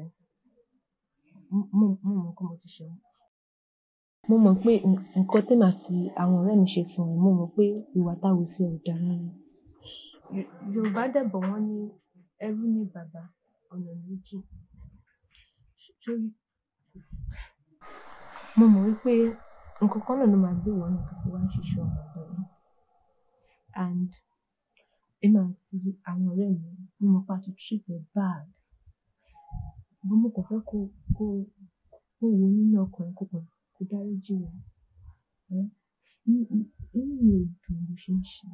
mo mọ̀ pé mo ti ṣe mo mọ̀ pé nǹkan tèmi àti àwọn ọ̀rẹ́ mi ṣe fún mi mo mọ̀ pé ìwà táwo sí ọ̀daràn ni. Yorùbá dẹ̀ bọ̀ wọ́n ní ẹrú ní bàbá ọ̀nà méjì. mo mọ̀ wípé ǹkan kan náà ló máa gbé ìwọ náà tó fi wá ṣiṣẹ́ ọnà ọ̀dọ̀ And èmi àti àwọn ọ̀rẹ́ mi, mo mọ̀ pé treat ẹ bad. But mo kàn fẹ́ ko, ko, ko wo nínú ọkàn ẹ, kàn, ko dáríjì wa. inú mi ò dùn bó ṣe ń ṣe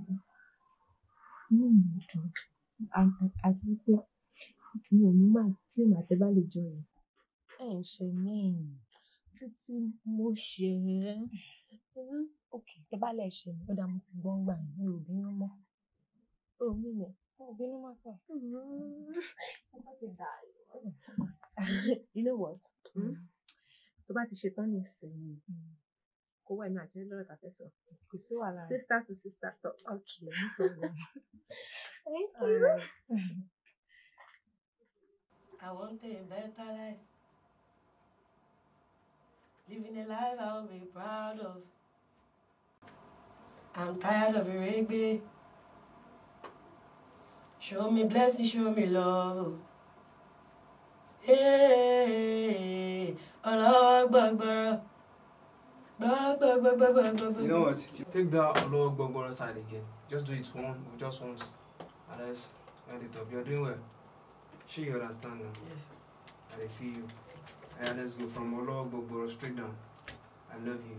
Inú mi ò dùn. Àti wípé mi ò ní máa tí màá ti bá lè jọyọ̀. Ẹ ṣe mí, títí mo ṣe ẹ́. Hm, tẹ bá lè ṣe ó dáa mo ti gbọ́ ngbà yẹn, ò bínú mọ́. O ò bínú, o bínú mọ́ sir. [LAUGHS] You know what? Hm? Tó bá ti ṣe tán ní ìsinmi, hm. kó wá èmi àti lọ́rọ̀ tá sọ. Kò sí wàhálà. Sister to sister talk. Okay, [LAUGHS] Thank you. I want a better life. Living a life I'll be proud of. I'm tired of rugby. Show me blessing, show me love. Hey, Allah, Bagbara. You know what? Take that Allah, Bagbara side again. Just do it one, just once. And that's end it up. You're doing well. She understand now? Yes. I feel you. Yeah, let's go from Ologbogoro straight down. I love you.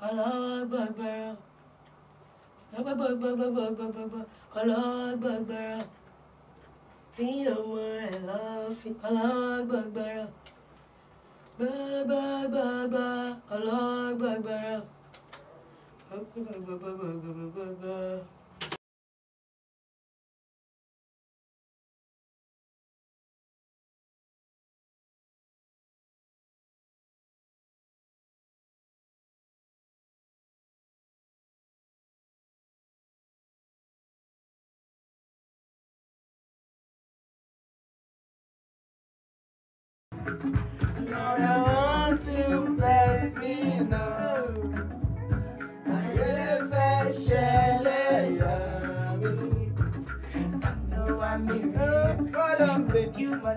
Mm-hmm. Ologbogoro. Ologbogoro. Tí ọmọ ẹ̀ lọ fi Ologbogoro. Bàbàbàbà Ologbogoro. Bàbàbàbà.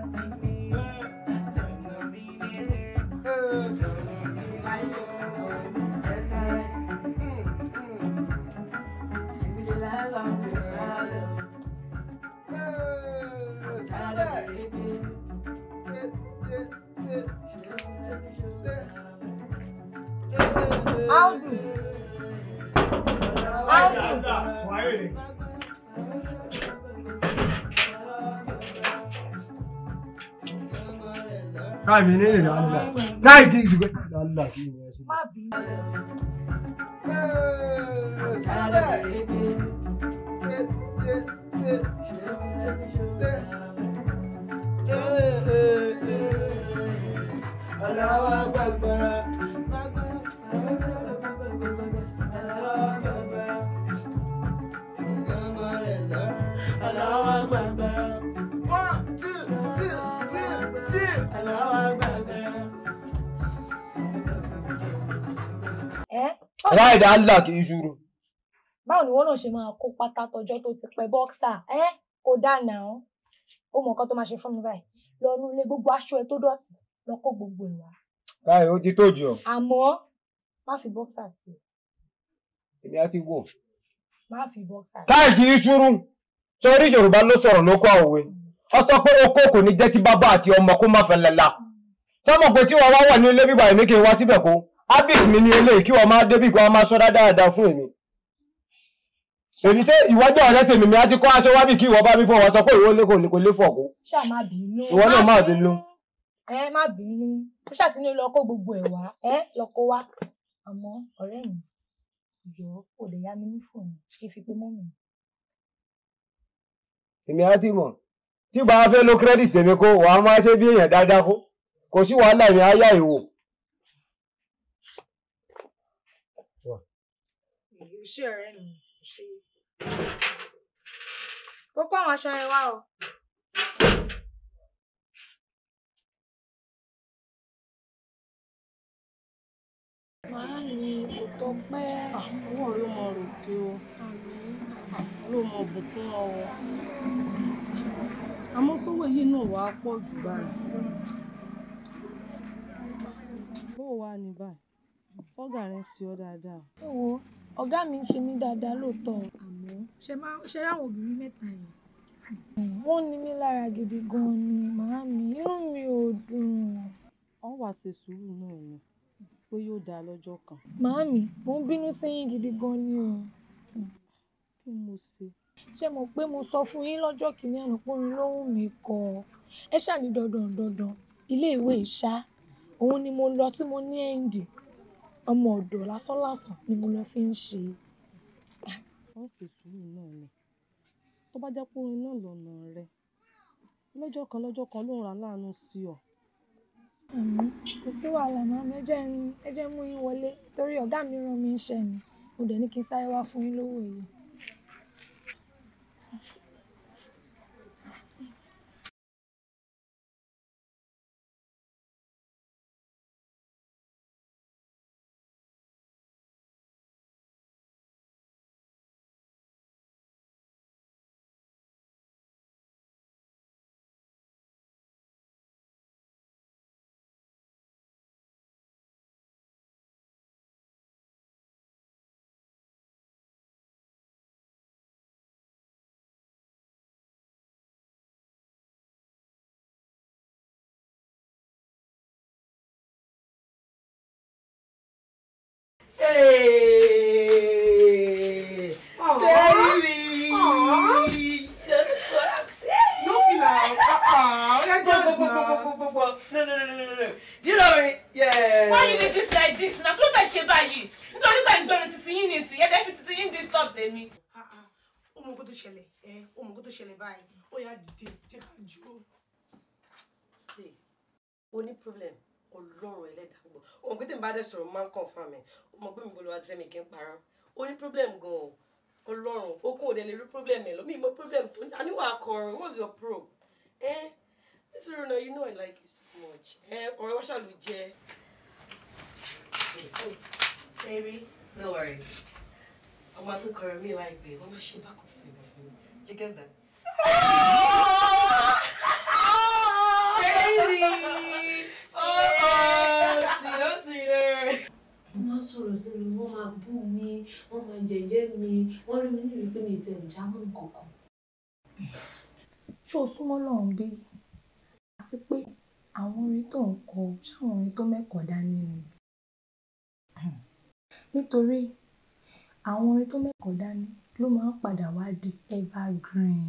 continue. Ka menene da Allah? Na yi ki shiga da Allah ki ne Allah, Alawa gbagbara. ráìdá là kì í ṣúrù. báwo ni wọn náà ṣe máa kó pátá tọjọ́ tó ti pẹ́ bọ́ksà ẹ kò dáná ó mọ nǹkan tó máa ṣe fún mi báyìí lọ nu ilé gbogbo aṣọ ẹ tó dọ̀tí lọ kó gbogbo ìwà. báyìí ó ti tó jù ọ. àmọ́ má fi bọ́ksà sí i. èmi á ti wò. má fi bọ́ksà sí i. táì kì í ṣúrù sọrí yorùbá ló sọ̀rọ̀ ló kọ òwe ọ sọ pé okó kò ní jẹ́ ti bàbá àti ọmọ kó má fẹ́ lẹ́la sọmọ pé tí wọn wá wà ní ilé bíbá èmi kì í wá síbẹ̀ kó habit mi ni eléyìí kí wọ́n máa débì kí wọ́n máa sọ dáadáa fún èmi èmi ṣe ìwọ́jọ́ ọ̀rẹ́ tèmi mi á ti kọ́ aṣọ wá bí kí ìwọ bá mi fọwọ́ sọ pé ìwọ lé kò lè fọ̀ kó ìwọ náà má bínú. ẹ má bínú ó ṣàtìní lọ kó gbogbo ẹ wá ẹ lọ kó wá àmọ́ ọ̀rẹ́ mi jọ kò lè yá mi ní fóònù kí fi pé mọ mi. èmi á ti mọ̀ tí bá fẹ́ lo credit tèmi kó wàá máa ṣe bí èèyàn dáadáa kó kò sí wàhálà èmi á ìwò. iṣẹ́ ọ̀rẹ́ mi ṣe. ó kó àwọn aṣọ yẹn wá o. màá ní kò tọ́ pẹ́ owó ah, ló mọ ròkè o ló mọ bùkún ọ àmọ́ sówó yìí náà wàá pọ̀ jù báyìí bó wà ní báyìí sọ́gà rẹ̀ ń ṣe ọ́ dáadáa. ẹ wo ọ̀gá mi ń ṣe mí dáadáa lóòótọ́ àmọ́ ṣe ráwọn obìnrin mẹ́ta yẹn wọ́n ní mí lára gidi gan-an ni màámi inú mi ò dùn. wọ́n wá ṣe sùúrù náà ni pé yóò dáa lọ́jọ́ kan. màámi mò ń bínú sẹ́yìn gidi gan-an ni o. kí mo ṣe. ṣé mo pé mo sọ fún yín lọ́jọ́ kìíní àná pé orin ló wùn mí kọ ẹ ṣàní dandan dandan ilé ìwé ìṣá òun ni mo lọ tí mo ní ẹ̀ǹdì ọmọ ọ̀dọ̀ lásán lásán ni mo lọ fi ń ṣe. wọ́n sì sùúrù náà ni tó bá jẹ́ pé orin náà lọ́nà rẹ lọ́jọ́ kan lọ́jọ́ kan ló ń ra láàánú sí ọ. kò sí wàhálà màmá ẹ jẹ́ ẹ jẹ́ mú yín wọlé torí ọ̀gá mi rán mi iṣẹ́ ni mo dẹ̀ ní kí n sáré wá fún yín lówó yìí. Hey! bá dẹ̀ sọ̀rọ̀ máa ń confirm ẹ̀ ó mọ̀ pé mi bolo àti fẹ́mi kì í parọ́ ó ní problem gan o ọlọ́run okun òde lè rí problem ẹ̀ lómi ìmọ̀ problem tó ní àníwá akọrin what's your pro ẹ nítorí náà you know I like you so much ẹ eh, ọ̀rẹ́ wọ́n ṣàlù jẹ. baby no worry ọmọ tó kọrin mi láìpẹ́ wọ́n máa ṣe bákan back up fún mi you get that? sọ̀rọ̀ sí mi wọ́n máa bú mi wọ́n máa jẹ̀jẹ́ mi wọ́n rí mi níbi pé mi tẹ̀ jámọ́ nǹkankan. ṣé o súnmọ́ lọ́run bí àti pé àwọn orin tó ń kọ ṣáwọn orin tó mẹ́kọ̀ọ́ dání ni nítorí àwọn orin tó mẹ́kọ̀ọ́ dání ló máa ń padà wá di evergreen.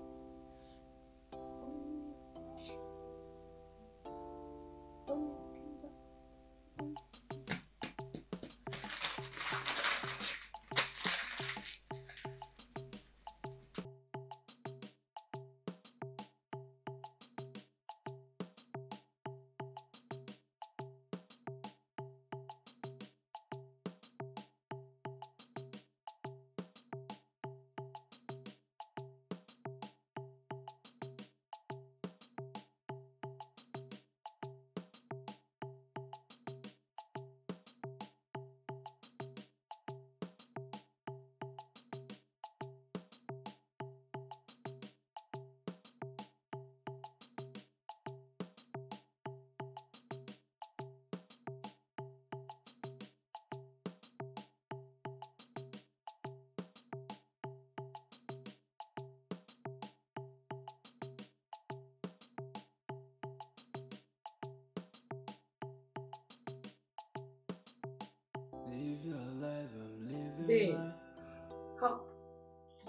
Babe,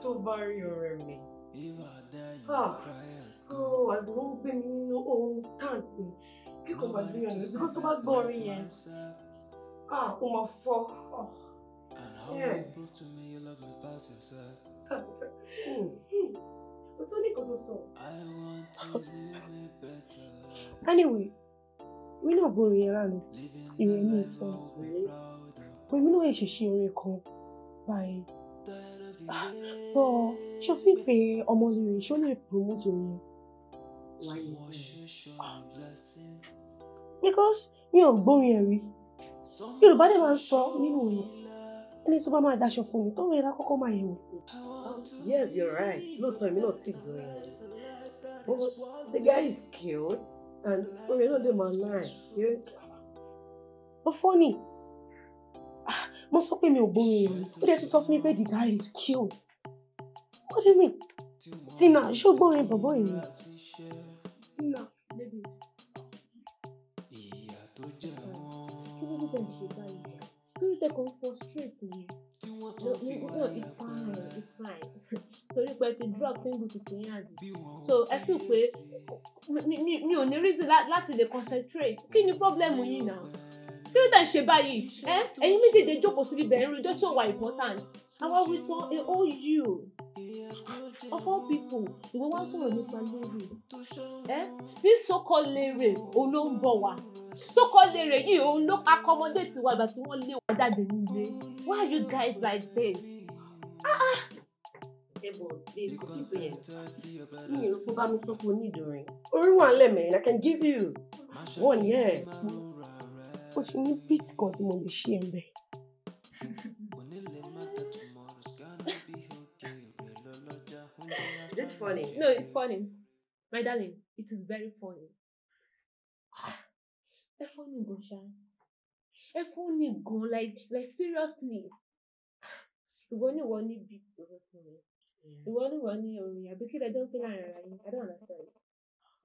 tó bá rí ọ̀rẹ́ mi. Ó as mo ń gbé mi nínú ohun stand mi, kíkọ́ bá gbé yàn mí, bí tó bá gbọ́ orin yẹn, ó máa hmm, hmm. Anyway, we náà gbórin yẹn lánàá, ìròyìn ìtọ́ ìṣòro bọ́ èmi náà ṣe ṣe orin kan báyìí ah, bọ́ ṣé fífi ọmọ rere ṣó lè promote orin wáyé ah, because mi ò gbórin You yorùbá dẹ̀ máa ń sọ nínú òun ẹni tó bá máa daṣọ fún mi tó rẹ̀ lákọ́kọ́ máa yẹ̀wò. yes you're right No, èmi náà ti gbórin the guy is cute and orin not dẹ̀ man náà. ó fọ́ ni mo sọ pé mi ò gbóhùn èèyàn rí ó dẹ̀ tún sọ fún mi pé the guy is cute what do you mean Tina ṣé o gbóhùn bọ̀bọ̀ èèyàn Tina ladies. ìyá tó jẹ́ wọn. kí ló dé ṣe báyìí kí ló dé kò ń frustrate mi. tí wọ́n it's fine it's fine [LAUGHS] torí pé ti drop single tuntun yẹn àgbẹ̀ so ẹ fi pé mi ò ní reason láti lè concentrate kí ni problem yìí náà kí ló dé ṣe báyìí ẹ ẹ̀yin méjèèjì jókòó síbi bẹ̀rẹ̀ rojọ́ tí ò wà important àwa wí fún a ó yù of all people ìwọ wá sọ̀rọ̀ nípa lérè ẹ bí sọkọ lérè òun ló ń bọ̀ wá sọkọ lérè yìí òun ló akọmọdé tiwa ìgbà tí wọ́n lé wọn jáde nílé why you guys like this? Ah, ah mi ò kó bá mi sọ fún onídùúrin orí wà ń lẹ̀ mẹ́rin I can give you one yeah ó ti ní bit kan tí mo lè ṣí ẹ̀ bẹ́ẹ̀. That's funny. No, it's funny. My darling, it is very funny. Ah, ẹ funny gan ṣá. Ẹ funny gan like like seriously. Ìwọ ni ìwọ ní bit ọ̀rọ̀ fún mi. Ìwọ ni ìwọ ní orin àbí kí lẹ́jọ́ ń pín láàrin ara yín. I don't understand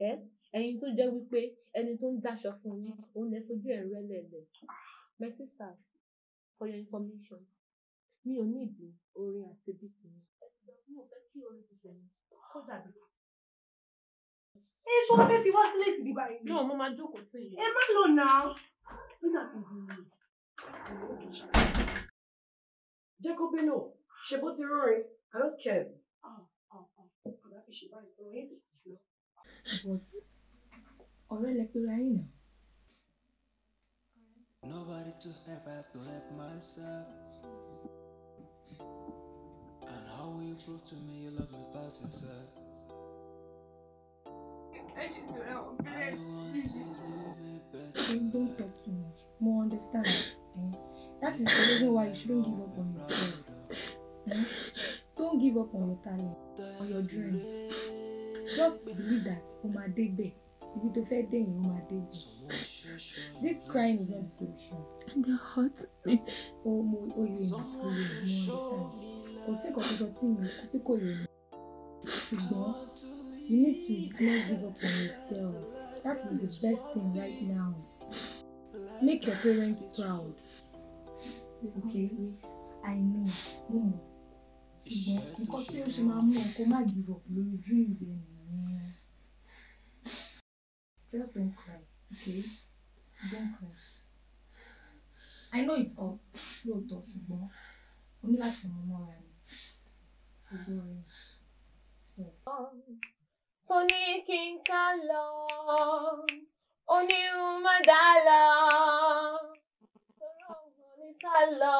ẹ ẹyin tó jẹ́ wípé ẹni tó ń dáṣọ fún yín òun lè fojú ẹ̀ rẹ́lẹ̀lẹ̀ my sisters for your information mi ò ní ìdí orin àti bíìtì mi ẹ ti gbọ́ mi ò fẹ́ kí orin ti bẹ̀rẹ̀ kó dàbí ti ẹ ṣe wọn fẹẹ fi wá sílé ìsìnkú báyìí. náà mo máa jókòó tí ì. ẹ má lò náà sínú àti gbìyànjú àwọn jẹ́ kó bínú ṣe bó ti rọrin i don't care. ọ̀gá ah, ah, ah. ti ṣe báyìí ọ̀rọ̀ yẹn ti pọ̀ jù lọ. but ọ̀rẹ́ lẹ pé ra yín Nobody to help, I have to help myself. And how will you prove to me you love me past yourself? I should do that one. I Don't talk too much. More understand. Eh, that is the reason why you shouldn't give up on yourself. Eh, don't give up on your talent, on your dreams. Just believe that ó máa dé bẹ̀ ibi tó fẹ́ dé yẹn ó máa dé bẹ̀ this crying is not solution. and they hurt me. o mo oyè ìlú ìlú ọ̀dọ́ kò sí ẹ̀kọ́ tí mi àti kò lè mọ̀ ṣùgbọ́n you need to not give up on yourself that is the best thing right now make your parents proud. okay i know mo mọ̀ ṣùgbọ́n nǹkan tí ó ṣe máa mú ọ má give up lórí dream bẹ́ẹ̀ nìyẹn. Just don't cry, okay? Don't cry. I know it's hurt No, ṣùgbọ́n o ní Only mú mọ́ra ni. Ṣùgbọ́n rẹ̀ sọ. Tó ní kí n ká lọ, ó ní n má dá lọ, tọ́lọ́ òun ní sá lọ.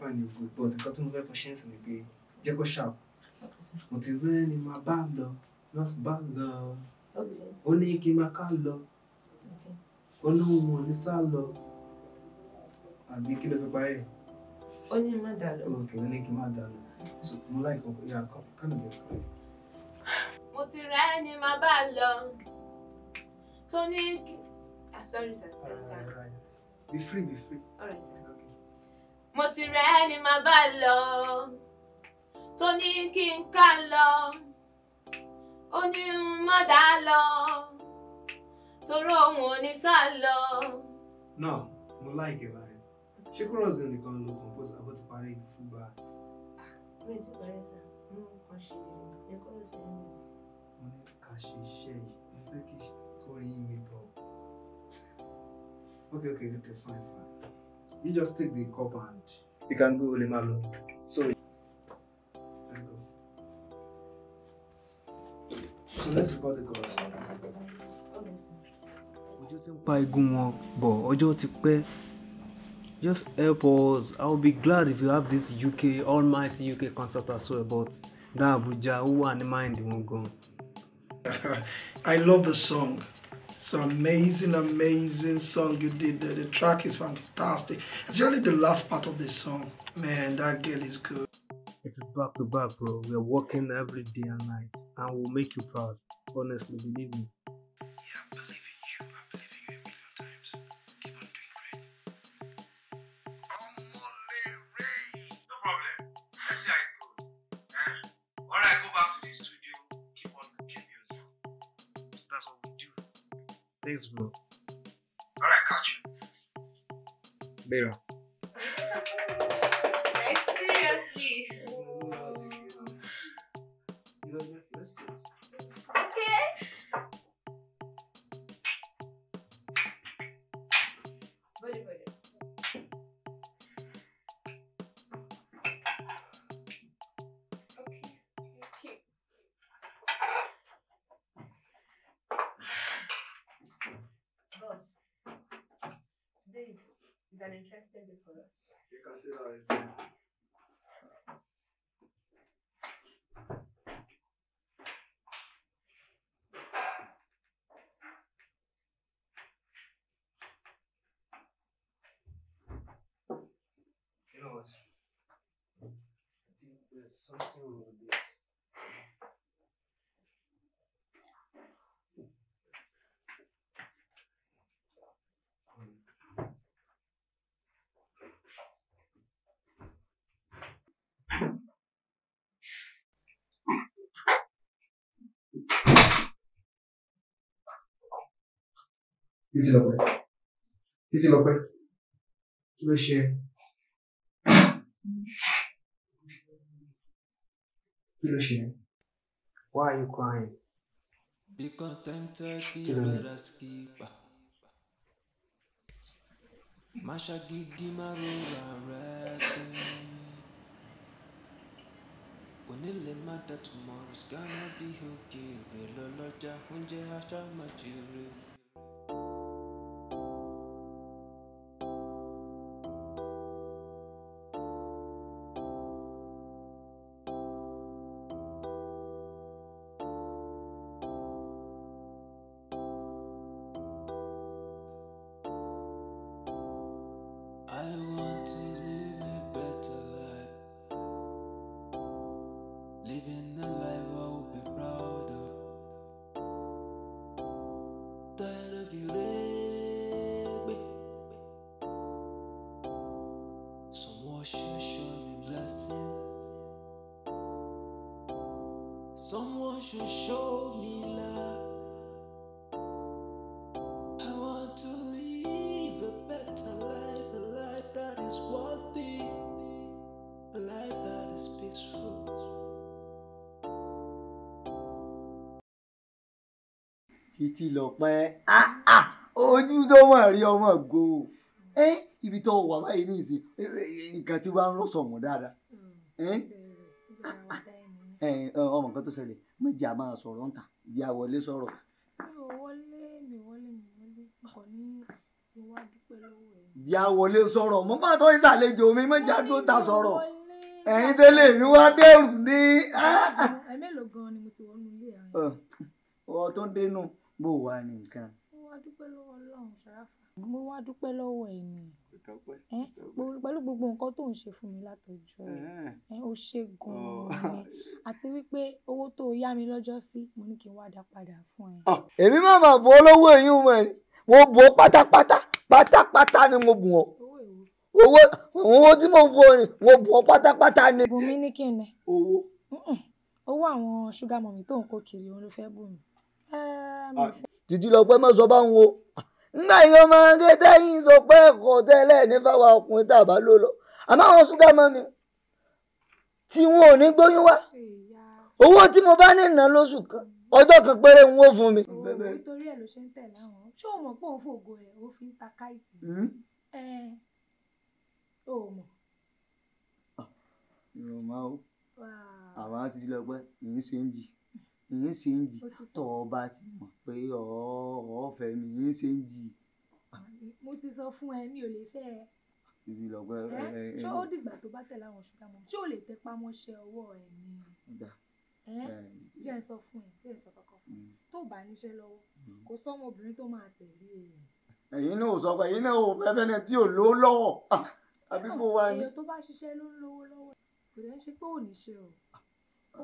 Fáàní ògùn ìbọn ti kọ́ tí mo fẹ́ kọ́ ṣe ń sìn ni pé jẹ́ not bá ó ní kí n máa ká lọ ó ní òun ní sá lọ àbí kí ló fi parí ó ní má dà lọ. ok ó ní kí n má dà lọ mo láì kọ ìyá kan kánú lè kọ. mo ti rẹ ẹni máa bá a lọ tó ní ah, be free be free. Okay. mo ti rẹ ẹni máa bá a lọ tó ní kí n ká lọ. Oni ní má dá lọ torí òun ò ní sá lọ. náà mo láìkè báyìí ṣé kúrọ̀sì nìkan ló compose àbó ti parí fúgbà. mi ò ti parí sá mo kàn ṣe é kúrọ̀sì nìkan. mo ní ká ṣe iṣẹ́ yìí mo fẹ́ kí orin mi tọ̀. okay okay okay fine fine you just take the cup and you can go Olimalo. So. So let's record the chorus. Ọjọ́ ti ń pa igun wọn bọ̀ ọjọ́ ti pẹ́. Just help us. I will be glad if you have this UK almighty UK concert as well but that Abuja ó wà ní mind wọn gan. [LAUGHS] I love the song. It's an amazing, amazing song you did there. The track is fantastic. Especially the last part of the song. Man, that girl is good. It is back to back, bro. We are working every day and night, and we'll make you proud. Honestly, believe me. Yeah, I believe in you. I believe in you a million times. Keep on doing great. No problem. see how it goes. All eh? right, go back to the studio. Keep on That's what we do. Thanks, bro. All right, catch you. Later. Títí lọ pẹ́. Títí lọ pẹ́. Kí Why are you crying? Be contented, be rather skipper. Má ṣagídí má rora rẹ̀ pé. onílé má tomorrow's gonna be okay rè lọ́lọ́jà oúnjẹ aṣáájú rè. one should show me love. I want to live the better life, the life that is worthy, the life that is peaceful. títí lọ pẹ́ ah, ah, ojú tó mọ̀ rí ọmọ go eh, ibi tó wà báyìí ní ìsìn eh, eh, nǹkan tí wàá rọ̀ sọ̀mù dáadáa tó ṣẹlẹ̀ méjì a máa sọ̀rọ̀ ń tà di àwọlé sọ̀rọ̀. mi ò wọlé mi wọlé mi wọlé nǹkan ní iwájú pẹ̀lú rẹ̀. di àwọlé sọ̀rọ̀ mo bá tọ́ ìsàlejò mi méjì a tó ta sọ̀rọ̀ ẹ̀yin ṣe lè mi wá dẹ́rù ní. ọ̀ tó ń dénú bó wà ní mo wá dúpẹ́ lọ́wọ́ Ọlọ́run ṣàràfà. mo wá dúpẹ́ lọ́wọ́ ènìyàn pẹ̀lú gbogbo nǹkan tó ń ṣe fún mi látọjọ́ ẹ o ṣe gan-an ni àti wípé owó tó yá mi lọ́jọ́ sí mo ní kí n wá dá padà fún ẹ. Ah, èmi máa ma bọ olówó èyí mọ ẹ mo bọ pátápátá pátápátá ni mo bùn ọ owó owó tí mo fọ ni mo bọ pátápátá ni. bùnmi ní kí ni. owó. owó àwọn ṣúgà mọ̀mí tó ń kó kiri òun ló fẹ́ bùn mi. Ah. títí lọ pẹ́ mọ́ sọ bá ń wo nígbà yìí ọmọ gẹ́gẹ́ yìí sọ pé ẹ̀kọ́ tẹ́lẹ̀ ní fáwọn ọkùnrin tàbá ló lọ àmọ́ àwọn ṣúgà mọ́mì tí wọn ò ní gbóyún wá owó tí mo bá ní ìná lóṣù kan ọjọ́ kan péré ń wó fún mi. nítorí ẹ̀ ló ṣe ń tẹ̀lé àwọn ṣé o mọ̀ pé òun fògo rẹ̀ ó fi ń ta káìtì hmm? ẹ̀ o mọ̀. ìrọ̀mọ́ ah, o àmọ́ títí lọ pé ìyín ṣe ń jì yín ṣe ń jì tó o bá ti mọ̀ pé ọ̀ọ́fẹ́ mi yín ṣe ń jì. mo ti sọ fún ẹ mi ò lè fẹ́ ẹ. ìdí lọ́gbẹ́ ẹ ẹ ẹ ṣé ó dìgbà tó bá tẹ̀lé àwọn ṣúgà mọ́ ṣé ò lè tẹpá mọ́ṣẹ́ ọwọ́ ẹ ni. jẹ́ ẹ sọ fún ẹ jẹ́ ẹ sọ kankan fún ẹ mm. tó bá níṣẹ́ lọ́wọ́ mm. kò sọ́mọ obìnrin tó máa tẹ̀lé ẹ. ẹ̀yin náà ò sọ pé ẹ̀yin náà ò fẹ́ fẹ́ni tí ò lówó lọ́wọ́ [LAUGHS] àbí bó wá ní. èèyàn tó bá ṣiṣẹ́ ló ń lówó lọ́wọ́ kò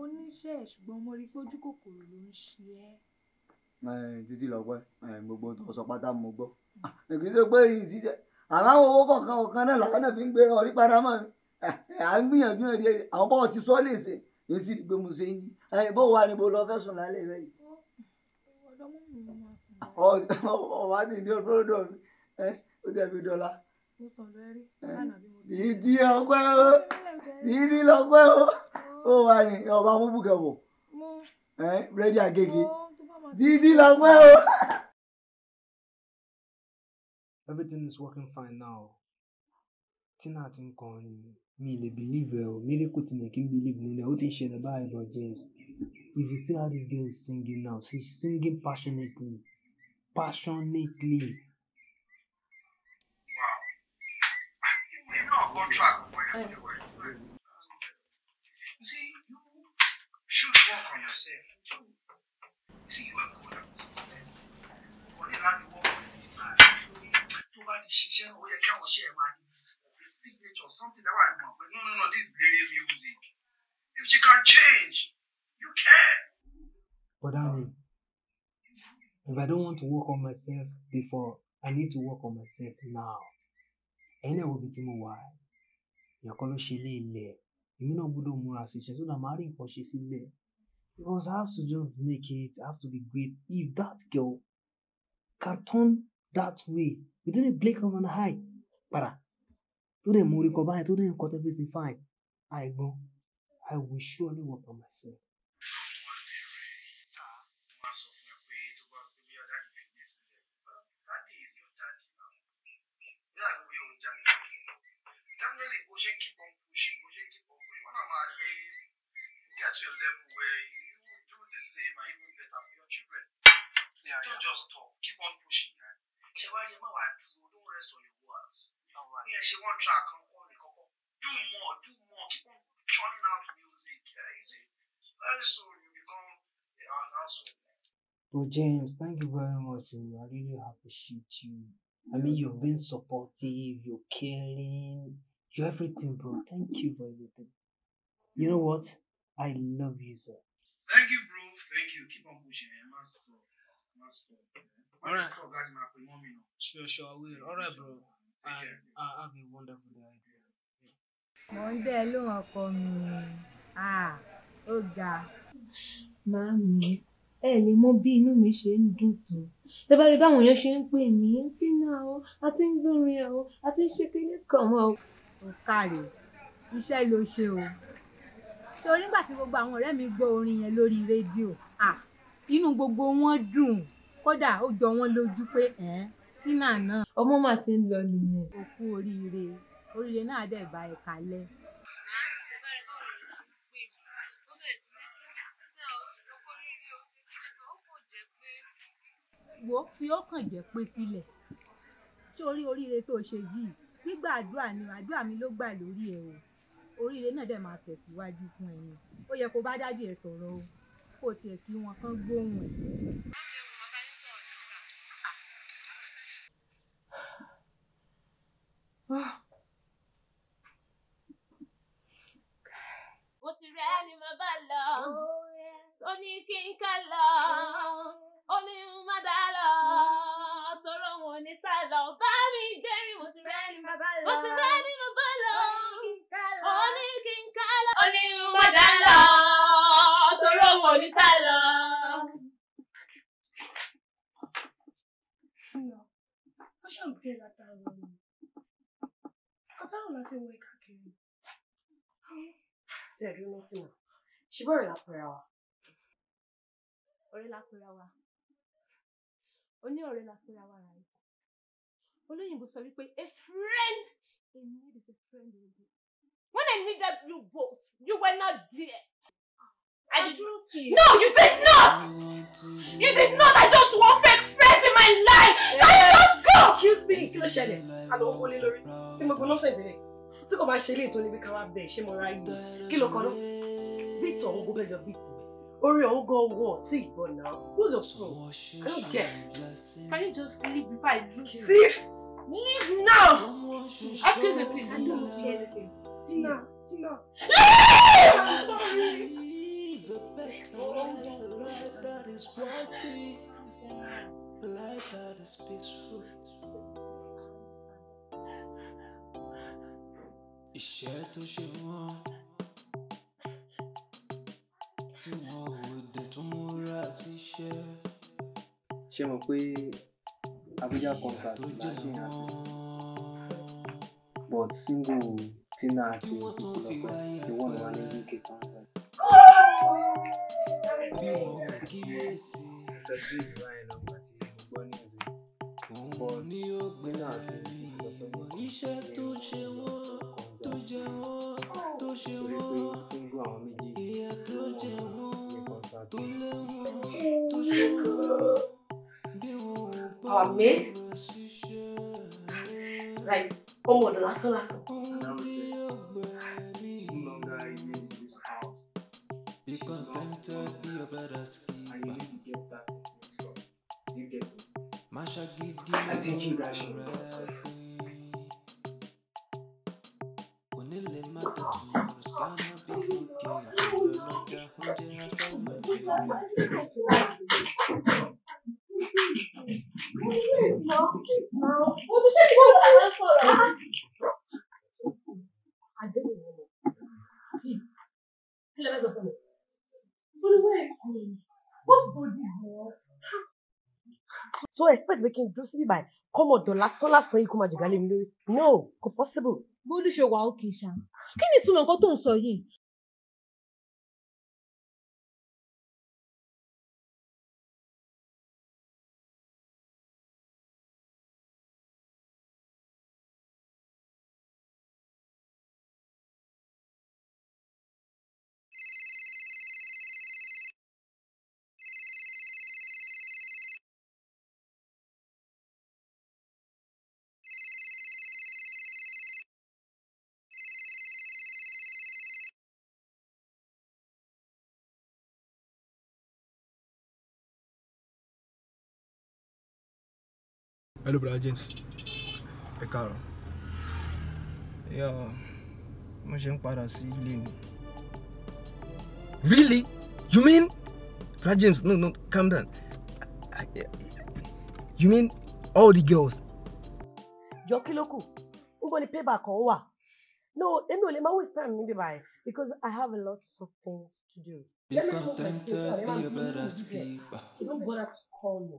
oníṣẹ́ ẹ̀ ṣùgbọ́n mo rí i pé ojú kòkòrò ló ń ṣe ẹ́. títí lọ́pẹ́ gbogbo pátá mo gbọ́ ah, kì í ṣe pé ìṣiṣẹ́ owó kọ̀ọ̀kan ọ̀kan náà làwọn náà fi ń gbìyànjú àwọn bọ́ọ̀ ti sọ́ lè ṣe sì gbé lọ fẹ́ sùn lálẹ́ yìí. ti di mi ó jẹ́ mi dọ́là. ìdí ọpẹ́ o ó wà ní ọba múbùkẹ́ wò búrẹ́dì àgègè dídí la pẹ́ o. [LAUGHS] everything is working fine now tina ti ń kọrin mi lè believe ẹ o miracle ti make him believe nínú ẹ ó ti ń ṣẹlẹ̀ báyìí but James if you see how this girl is singing now she is singing passionately passionately. wow ah, ìwé know contract wọ̀ ẹ́ yourself too. You see, you are good at business. O ní work with this man. Tó bá ti ṣiṣẹ́ náà, ó yẹ kí àwọn ṣe ẹ̀ máa ní a something that wà ní ọ̀pẹ. No, no, no, this is lere music. If she can change, you can. But I mean, if I don't want to work on myself before, I need to work on myself now. Ẹ̀yin náà wo ibi tí mo wà ìyàkọ́ ló ṣe ilé ilẹ̀ èmi náà gbọ́dọ̀ múra sí she's not married máa she's in there. Because I have to just make it, I have to be great. If that girl can turn that way within a blink of an eye, para, tó dẹ̀ mú orí kan báyìí, cut everything fine, I go. I will surely work on myself. yeah, Don't yeah. just talk. Keep on pushing, man. right? She do not rest on your words. All right. Yeah, she won't track on Do more, do more. Keep on churning out music. Yeah, you see. Very soon you become you know, an household. Bro James, thank you very much. I really appreciate you. I mean, you've been supportive, you're caring, you're everything, bro. Thank you for everything. You know what? I love you, sir. Thank you, bro. Thank you. Keep on pushing. All right. Sure, sure, I will. All right, bro. And uh, ah, have a wonderful day. Mo ń bẹ́ẹ̀ lóhùn ọkọ mi. Ó ga. Màámi, ẹ lè mọ bí inú mi ṣe ń dùn tó. Tẹ bá rí báwọn èèyàn ṣe ń pè mí, ń tí náà o, a ti ń gbórin ẹ̀ o, a ti ń ṣe kíní kan mọ́ o. Ó káre, iṣẹ́ ló ṣe o. Ṣé o nígbà tí gbogbo àwọn ọ̀rẹ́ mi gbọ́ orin yẹn lórí rédíò? Inú gbogbo wọn dùn kódà ó jọ wọ́n lójú pé Tina náà. ọmọ mà ti ń lọ nìyẹn. òkú oríire oríire náà dẹ̀ bá ẹ kalẹ̀. wo fi ọkàn jẹ́ pé sílẹ̀ sórí oríire tó ṣe yìí gbígbà àdúrà ni àdúrà mi ló gbà lórí ẹ o oríire náà dẹ̀ máa tẹ̀síwájú fún ẹ̀yin ó yẹ kó bá dádì ẹ sọ̀rọ̀ o kó tiẹ̀ kí wọn kán gbóhùn ẹ̀. mo ti rẹ ni mo bá lọ tó ní kí n ká lọ ó ní n má dá lọ tóró wọn ní sá lọ bá mi gbẹrin mo ti rẹ ni mo bá lọ mo ti rẹ ni mo bá lọ ó ní kí n ká lọ ó ní n má dá lọ tóró wọn ní sá lọ. rántí wọ ìka kiri. Tí ẹ̀dùn náà ti mọ̀. Ṣé bọ́ọ̀rẹ̀ la pẹ̀ra wa? Ọ̀rẹ́ la pẹ̀ra wa. O ní ọ̀rẹ́ la pẹ̀ra a friend in need is a friend When I needed you both, you were not there. I did not. No, you did not. You did not. I don't want fake friends in my life. Yeah. I don't go. Excuse me. Kí ló Hello, Àlọ́ òkú You lórí. Tí mo tí kò bá ṣe ilé ètò níbi kan wá bẹ̀ ṣé mo ra yìí kí ló kan náà bíìtì ọ̀hún gbogbo ẹ̀jọ̀ bíìtì orí ọ̀hún gan wọ̀ tí ìbọn náà who's your school I don't get can you just leave before I do you sit leave now excuse me please I don't see anything Tina Tina leave life that is peaceful. iṣẹ́ tó ṣe wọ́n tí wọn ò dẹ̀ tún múra síṣẹ́. ṣé mo pé Abuja concert la ṣe ń rántí but single Tina àti ìfúnpọ̀ ti wọ́n wà ní UK concert. bí wọn ò kíyèsí. ṣe bí ìwà ẹ̀ lọ́gbà tí gbọ́ ní ẹ̀sìn. òun ni ó gbé ẹni. wà mé. Like ọmọ ọ̀dọ̀ lásán lásán. kí lè fẹ́ sọ fún mi. olùwẹ̀ ẹ̀kún what is all this now. so expect pé kí n dúró síbí báyìí kọ́mọ̀dọ̀ lásán lásán yìí kó máa jìgá lé mi lórí no kò possible. bólú ṣe wà ó kì í ṣá kí ni ìtumọ̀ nǹkan tó ń hello brother James ẹ káàárọ̀ yọ mo ṣe ń padà really you mean brother James no no calm down you mean all the girls. Jockey kí I'm kù n kò ní pébà kan no èmi ò lè waste time níbi báyìí because I have a lot of things to do. Be contented, be a brother's keeper. You don't bother to call me.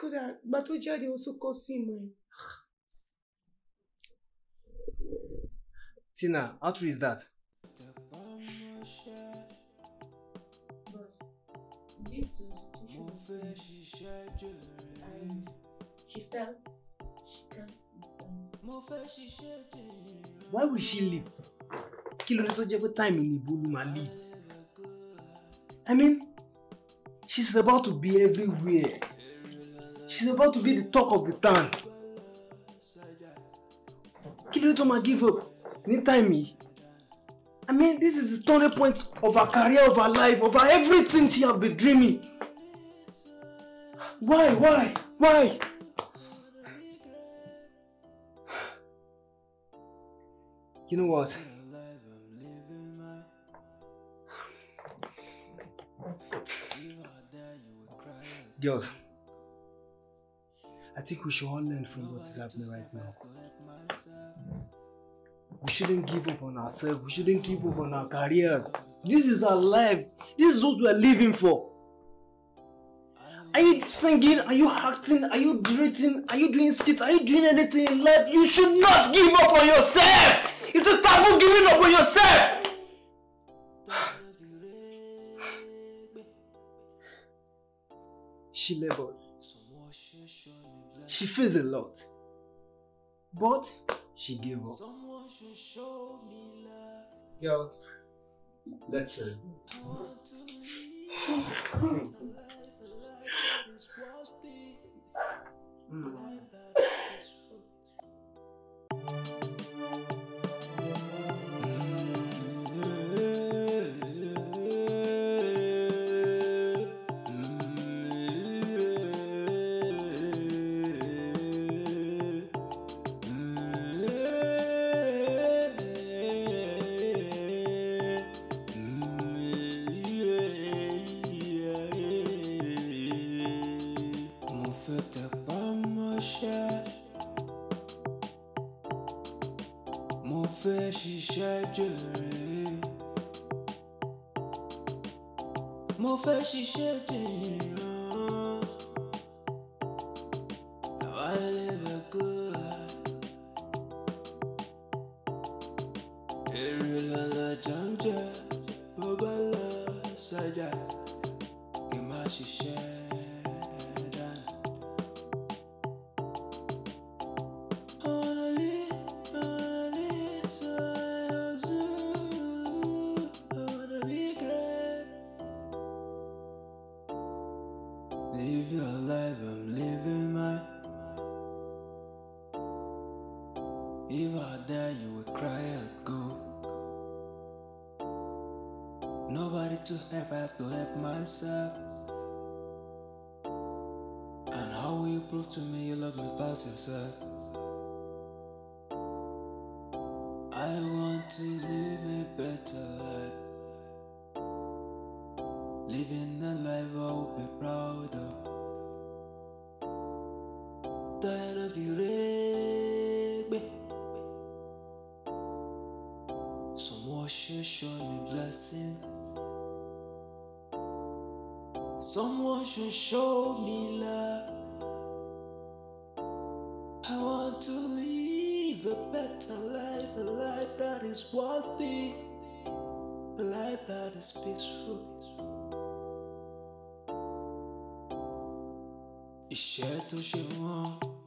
kódà ìgbà tó jáde ó tún kọ́ sí ìmọ̀ ẹ̀. Tina, how true is that? Why will she leave? Kí ló dé tó jẹ́ pé time ni Bolu máa leave? I mean, she's about to be everywhere. She's about to be the talk of the town. Give it tó máa give up ní me. I mean this is the turning point of her career, of her life, of her everything she has been dreaming. Why? Why? Why? You know what? Girls. I think we should all learn from what is happening right now. We shouldn't give up on ourselves. We shouldn't give up on our careers. This is our life. This is what we are living for. Are you singing? Are you acting? Are you directing? Are you doing skits? Are you doing anything in life? You should not give up on yourself. It's a taboo giving up on yourself. [SIGHS] [SIGHS] she leveled. She feels a lot. But she gave up. Girls, let's celebrate. Uh, mm. need to help, I have to help myself. And how will you prove to me you love me past yourself? I want to live a better life, living a life I will be proud. To show me love. I want to live a better life, a life that is worthy, a life that is peaceful. Iṣẹ́ tó ṣe